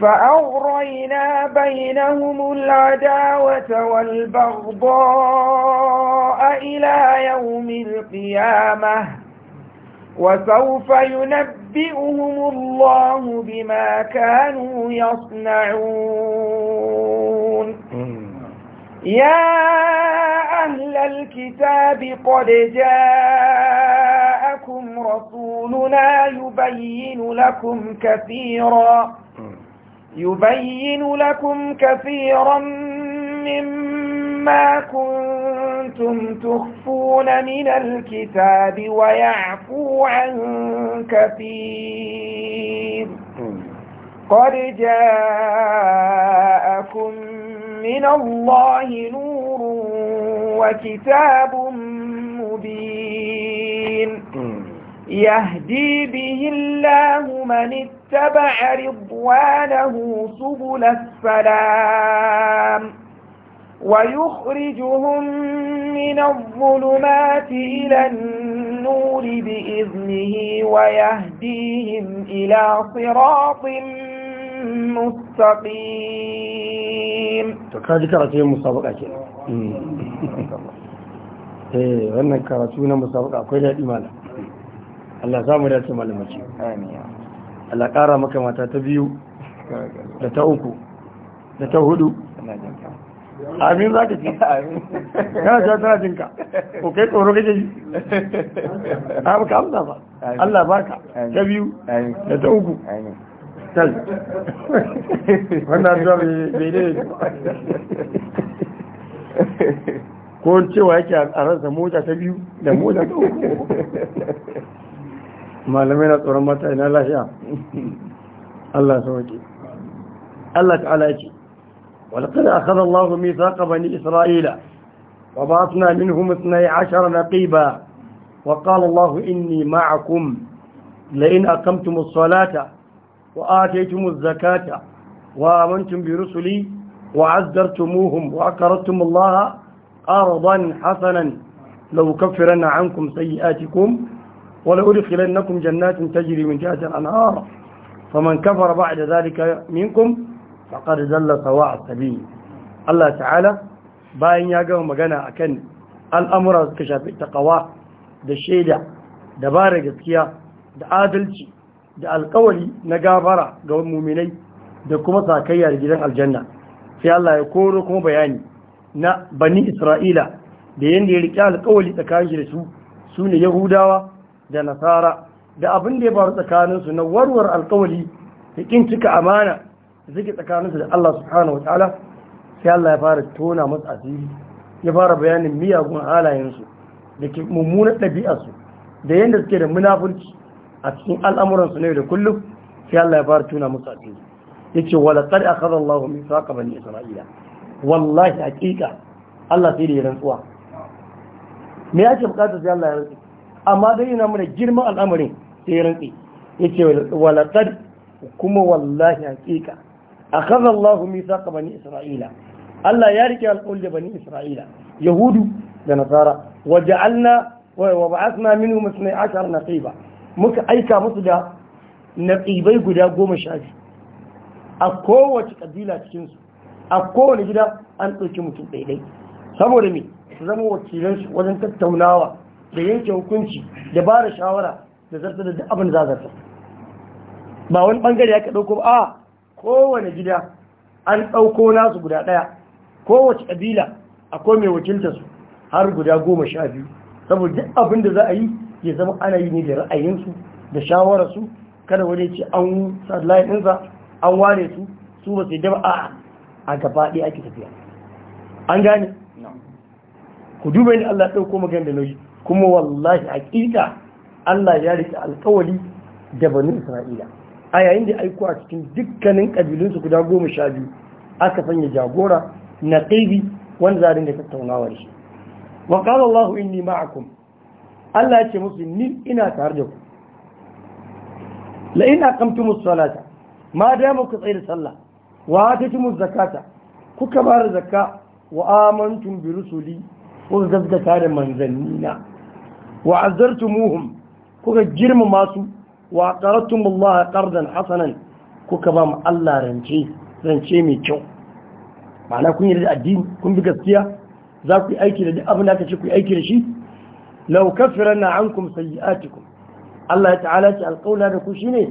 فأغرينا بينهم العداوة والبغضاء إلى يوم القيامة وسوف ينبئهم الله بما كانوا يصنعون يا أهل الكتاب قد جاءكم رسولنا يبين لكم كثيراً يبين لكم كثيرا مما كنتم تخفون من الكتاب ويعفو عن كثير قد جاءكم من الله نور وكتاب مبين يهدي به الله من اتبع رضوانه سبل السلام ويخرجهم من الظلمات إلى النور بإذنه ويهديهم إلى صراط مستقيم تكاد كرتين مسابقة كده wannan karatu na musabaka akwai daɗi Allah za mu dace malamaci Allah ƙara maka mata ta biyu da ta uku da ta hudu amin za ka ci [LAUGHS] kana ta tana jinka ko kai tsoro kake yi. Na [LAUGHS] baka amsa ba Allah baka ta biyu da ta uku tal [LAUGHS] wannan zuwa bai ne ko cewa yake a ransa mota ta biyu da mota ta uku malamai na tsoron mata ina lafiya Allah sauke Allah ta'ala ce walqad akhadha Allahu mithaqa bani Isra'ila wa yi ashara na naqiba wa qala Allahu inni ma'akum la'in aqamtumus salata wa ataytumuz zakata wa amantum bi rusuli wa 'azzartumuhum wa aqarrtumullaha ardan hasanan law kaffaranna 'ankum sayyi'atikum ولأدخلنكم جنات تجري من تحتها الأنهار فمن كفر بعد ذلك منكم فقد زل سواء السبيل allah تعالى bayan ya gama magana a akan al'amura suka shafi ta taqwa da shaida da bare gaskiya da adalci da alƙawari na gafara ga mu'minai da kuma sakayya da gidan aljanna sai Allah ya koro kuma bayani na bani Isra'ila da yanda ya rike alƙawari tsakanin da su sune Yahudawa da nasara da abin da ya faru tsakaninsu na warwar alkawali da cika amana da suke tsakaninsu da Allah subhanahu wataala sai Allah ya fara tona masu asiri ya fara bayanin miyagun halayensu da mummunan ɗabi'arsu da yadda suke da munafurci a cikin al'amuransu na ne da kullum sai Allah ya fara tona masu asiri ya ce wala tsari a kazan Allah mai saka bani Isra'ila wallahi haƙiƙa Allah sai da ya rantsuwa me ya ake bukatar sai Allah ya rantsu amma dai yana mana girman al'amarin sai ya rantsi ce walaqad kuma wallahi A akhadha Allahu ka bani Isra'ila Allah ya rike alƙawli da bani Isra'ila Yahudu da Nasara wa ja'alna wa ba'athna na 12 ba? muka aika musu da naqibai guda goma 10 a kowace kabila cikinsu a kowane gida an ɗauki mutum ɗaiɗai saboda me su zama wakilansu wajen tattaunawa da yanke hukunci da ba da shawara da zartar da abin zarta. ba wani bangare aka ɗauko ba a kowane gida an dauko nasu guda ɗaya kowace kabila akwai mai wakilta su har guda goma sha biyu saboda abin da za a yi ya zama ana yi ne da ra'ayinsu da shawararsu kada wani ce an sadlayin ɗinsa an ware su su ba su yi daba a a gaba ɗaya ake tafiya an gane ku duba yadda Allah ɗauko magana da nauyi kuma wallahi haƙiƙa Allah ya rike alkawari da banu Isra'ila a yayin da aiko a cikin dukkanin ƙabilunsu guda goma sha biyu aka sanya jagora na tsaibi wani zarin a tattaunawa da shi wa qala Allah inni ma'akum Allah ya ce musu ni ina tare da ku la in aqamtumus salata ma da muku tsaye da sallah wa atitumuz zakata kuka da zakka wa amantum bi rusuli ku gaskata da manzannina wa azartumuhum kuka girmama su wa qaratumullaha qardan hasanan kuka ba mu Allah rance rance mai kyau ma'ana kun yi da addini kun bi gaskiya za ku yi aiki da abin da aka ce ku yi aiki da shi law kaffaranna ankum sayyi'atikum Allah ya ta'ala ce alƙawla da ku shine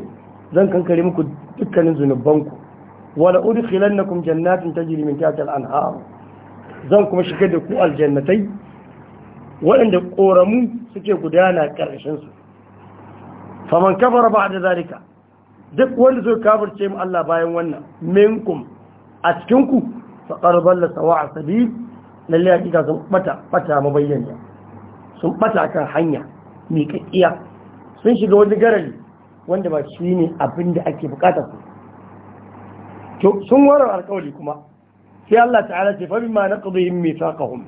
zan kankare muku dukkanin zunubanku wala udkhilannakum jannatin tajri min tahtiha al-anhar zan kuma shigar da ku aljannatai waɗanda ƙoramu suke gudana ƙarshensu faman kafara ba da zalika duk wanda zai kafirce mu Allah bayan wannan minkum a cikinku faƙar da sawa a sabi lalle hakika sun bata bata sun bata kan hanya mai kakkiya sun shiga wani garari wanda ba shi ne abin da ake bukatar su sun warar alkawali kuma sai Allah ta'ala ce fa bima naqdihim mithaqahum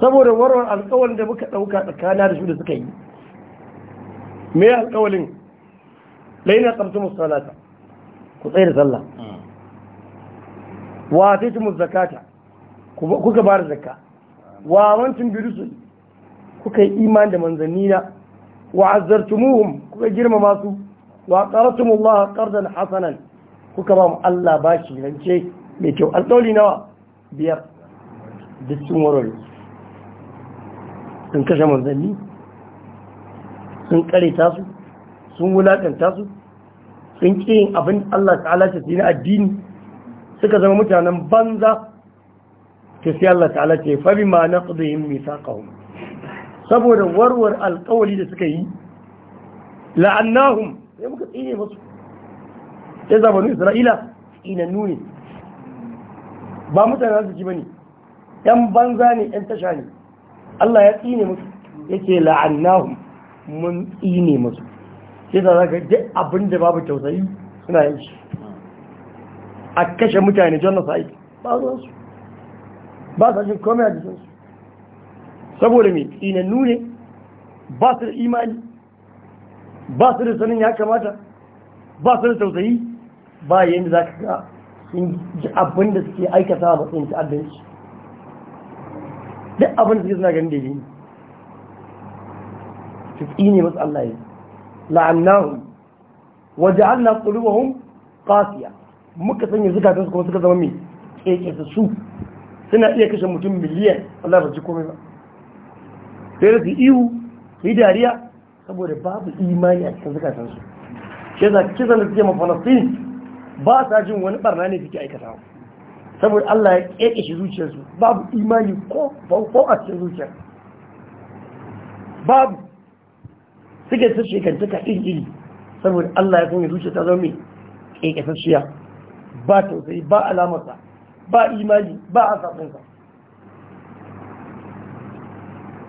saboda warwar alƙawalin da muka ɗauka tsakana da su da suka yi me alƙawalin laina tsartumus salata ku tsaye da sallah hmm. wa taitumus zakata kuka ba da zakka wa wancin birusul kuka yi iman da manzanni na wa azzartumuhum kuka girmama su wa qaratumullaha qardan hasanan kuka ba mu Allah bashi rance mai kyau alƙawli nawa biyar duk sun warware sun kashe manzanni sun kareta su sun wulakanta su sun ƙi abin Allah ta'ala ce na addini suka zama mutanen banza ta sai Allah ta'ala ce fabi ma na ƙudurin misaqahum saboda warwar alƙawari da suka yi la'annahun sai muka tsine musu sai nuna Isra'ila tsinannu ne ba mutane su ji ne, yan banza ne yan tasha ne Allah ya tsine musu yake la'annahum mun tsine musu sai da zaka duk abin da babu tausayi suna yin shi a kashe mutane sai ba su su ba su jin komai a jikin su saboda mai tsine nune, ba su da imani ba su da sanin ya kamata ba su da tausayi ba yayin da za ka ga abin da suke aikata a matsayin ta'addanci duk abin da suna gani daidai ne su ne masu Allah ya la'annahu wa na qulubahum Kasiya muka sanya zukatan su kuma suka zama mai keke su suna iya kashe mutum miliyan Allah ba ji komai ba sai da su ihu su yi dariya saboda babu imani a cikin zukatan su shi kisan da suke ma ba sa jin wani barna ne suke aikatawa saboda Allah ya keke shi zuciyarsu babu imani ko ko a cikin zuciyar babu suke su shekantaka iri iri saboda Allah ya sanya zuciya ta zaune mai keke ba tausayi ba alamarsa ba imani ba a sasansa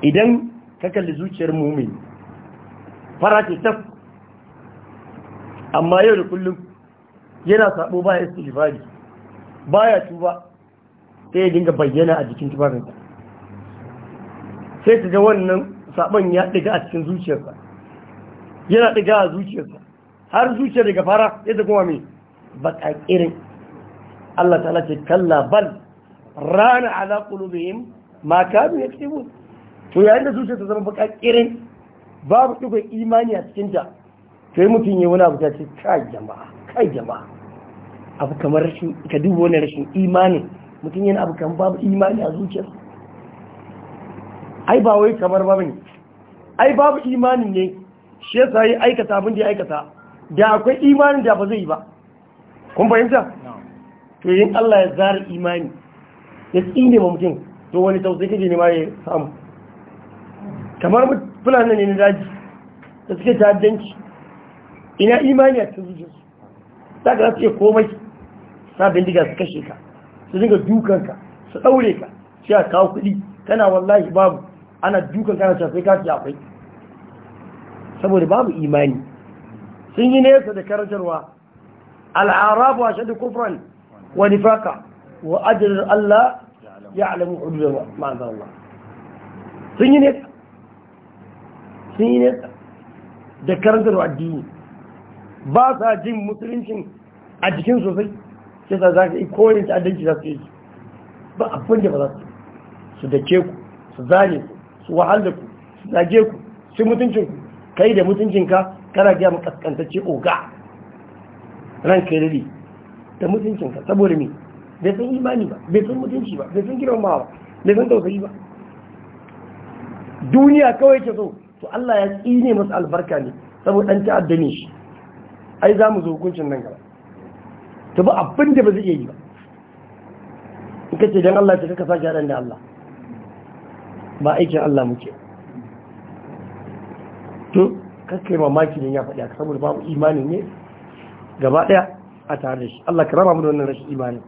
idan ka kalli zuciyar mumini fara ce taf amma yau da kullum yana sabo ba ya su baya tuba sai ya dinga bayyana a jikin tufafinsa sai ta ga wannan saban ya ɗiga a cikin zuciyarsa yana ɗiga a zuciyarsa har zuciyar daga fara ya ta kuma mai baka irin Allah ta ce kalla bal rana ala qulubihim ma ya yaktubun to yayin da zuciyarsa zama baka irin babu dukan imani a cikin ta sai mutum ya wani abu ta ce kai jama'a kai jama'a abu kamar rashin ka dubu wani rashin imanin mutum yana abu kamar babu imani a zuciyar ai ba wai kamar ba ne ai babu imanin ne shi yasa yi aikata abin da ya aikata da akwai imanin da ba zai yi ba kun fahimta to yin Allah ya zara imani ya tsine ma mutum to wani tausayi kake ma ya samu kamar fulani ne na daji da suke ta'addanci ina imani a cikin zuciyarsu za ka za su iya komai sa bindiga su kashe ka su dinga dukan ka su ɗaure ka sai a kawo kuɗi kana wallahi babu ana dukan kana shafai ka ci akwai saboda babu imani sun yi nesa da karantarwa al'arabu a shaɗi kufran wa nifaka wa ajiyar Allah ya alamu hududar ma'azan Allah sun yi nesa sun yi nesa da karantarwa addini ba sa jin musuluncin a jikin sosai shi za ka yi kowane ta'addanci za su yi ba abin da ba za su su dake ku su zane ku su wahalda ku su zage ku su mutuncin ku kai da mutuncinka kana gaya makaskantacce oga ran kiriri da mutuncinka saboda me bai san imani ba bai san mutunci ba bai san girmama ba bai san tausayi ba duniya kawai ke so to Allah ya tsine masa albarka ne saboda dan ta'adda ne shi ai za mu zo hukuncin nan gaba ta ba abin da ba zai iya yi ba in ka ce don Allah ce kaka sake haɗa da Allah ba aikin Allah muke to kaka yi mamaki ne ya faɗi aka saboda ba mu imani ne gaba ɗaya a tare shi Allah ka rama mu da wannan rashin imani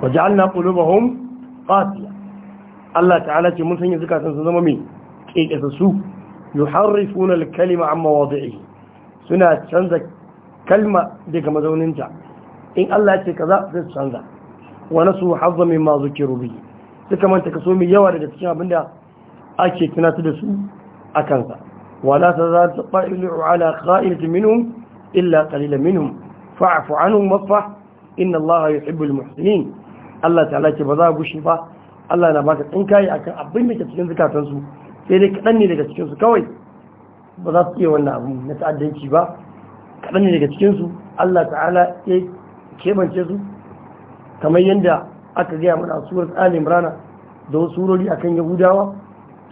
wa ja'alna qulubahum qasiya Allah ta'ala ce mun sanya zukatan sun zama mai kekesa su yuharrifuna al-kalima amma wadi'ihi suna canza kalma daga mazauninta in Allah ce kaza zai canza wa nasu hazza mimma zukiru bihi suka manta kaso mai yawa daga cikin abinda ake tunatar da su a kansa wala ta za ta fa'ilu ala kha'ilatin minhum illa qalilan minhum fa'fu anhum wasfah inna Allah yuhibbul muhsinin Allah ta'ala ce ba za ku gushi ba Allah na baka tsinkaye akan abin da ke cikin zukatansu sai dai kaɗan ne daga cikinsu kawai ba za su iya wannan abu na ta'addanci ba kaɗan daga cikinsu Allah ta'ala ya kebance su kamar yadda aka gaya mana suwar tsalin rana da wasu surori a kan yahudawa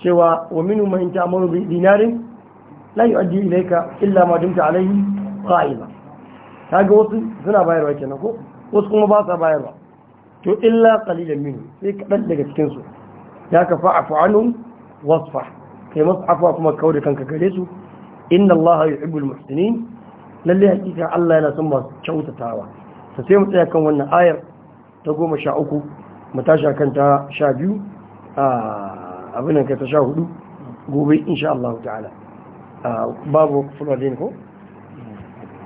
cewa wa minu mai ta amuru bi dinarin la yu'addi ilayka illa ma dumta alaihi Ta ga wasu suna bayarwa kenan ko wasu kuma ba sa bayarwa to illa kalilan minu sai kaɗan daga cikinsu. ya ka fa'afu anhum wasfah kai masu afuwa kuma kawai kanka gare su inna allaha yuhibbul muhsinin lalle hakika Allah yana son masu kyautatawa ta sai mu tsaya kan wannan ayar ta goma sha uku mu tashi kan ta sha biyu a abin nan kai ta sha hudu gobe insha Allah ta'ala babu fulwadin ko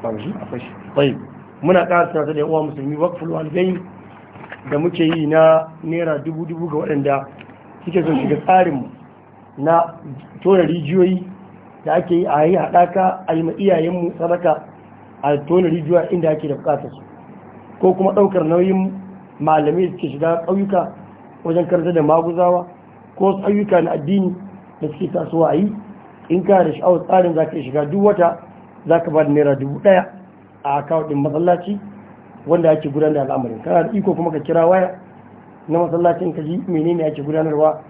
babu shi akwai shi bai muna ƙara ta da uwa musulmi waqful walidain da muke yi na naira dubu dubu ga waɗanda suke son shiga tsarin mu na tona rijiyoyi da ake yi a yi haɗaka a yi iyayenmu sadaka a tona rijiya inda ake da bukatar su ko kuma ɗaukar nauyin malamai da suke shiga ƙauyuka wajen karta da maguzawa ko wasu ayyuka na addini da suke tasowa a yi in ka da sha'awar tsarin za ka shiga duk wata za ka ba da naira dubu ɗaya a akawun ɗin masallaci wanda ake gudanar da al'amarin kana da iko kuma ka kira waya na masallacin ka ji menene ake gudanarwa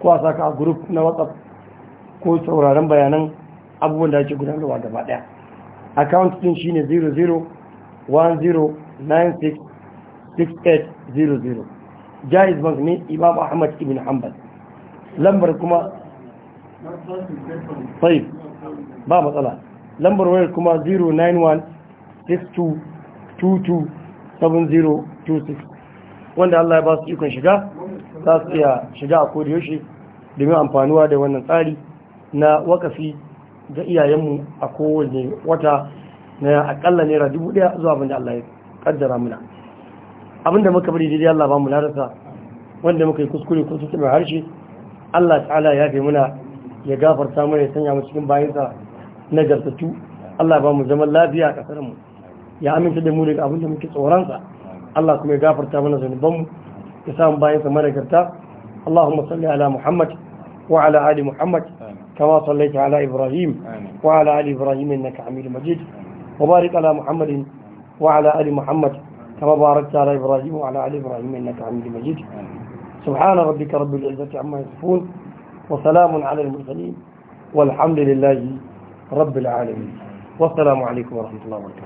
ko a saka a group na whatsapp ko sauraron bayanan abubuwan da ake gudanarwa gaba daya account din shine 0010966800 jaiz bank ne imam ahmad ibn hanbal lambar kuma sai ba matsala lambar wayar kuma 091 wanda Allah ya ba su ikon shiga za su iya shiga a kodiyoshi domin amfanuwa da wannan tsari na wakafi ga iyayenmu a kowane wata na akalla naira dubu daya zuwa abinda Allah ya kaddara muna abinda muka bari daidai Allah ba mu larasa wanda muka yi kuskure ko suke mai harshe Allah ta'ala ya fi muna ya gafarta mana ya sanya mu cikin bayansa na gartatu Allah ba mu zaman lafiya a kasar mu ya aminta da mu daga abinda muke tsoronsa Allah kuma ya gafarta mana mu ya samu bayansa managarta اللهم صل على محمد وعلى آل محمد كما صليت على إبراهيم وعلى آل إبراهيم إنك حميد مجيد وبارك على محمد وعلى آل محمد كما باركت على إبراهيم وعلى آل إبراهيم إنك حميد مجيد سبحان ربك رب العزة عما يصفون وسلام على المرسلين والحمد لله رب العالمين والسلام عليكم ورحمة الله وبركاته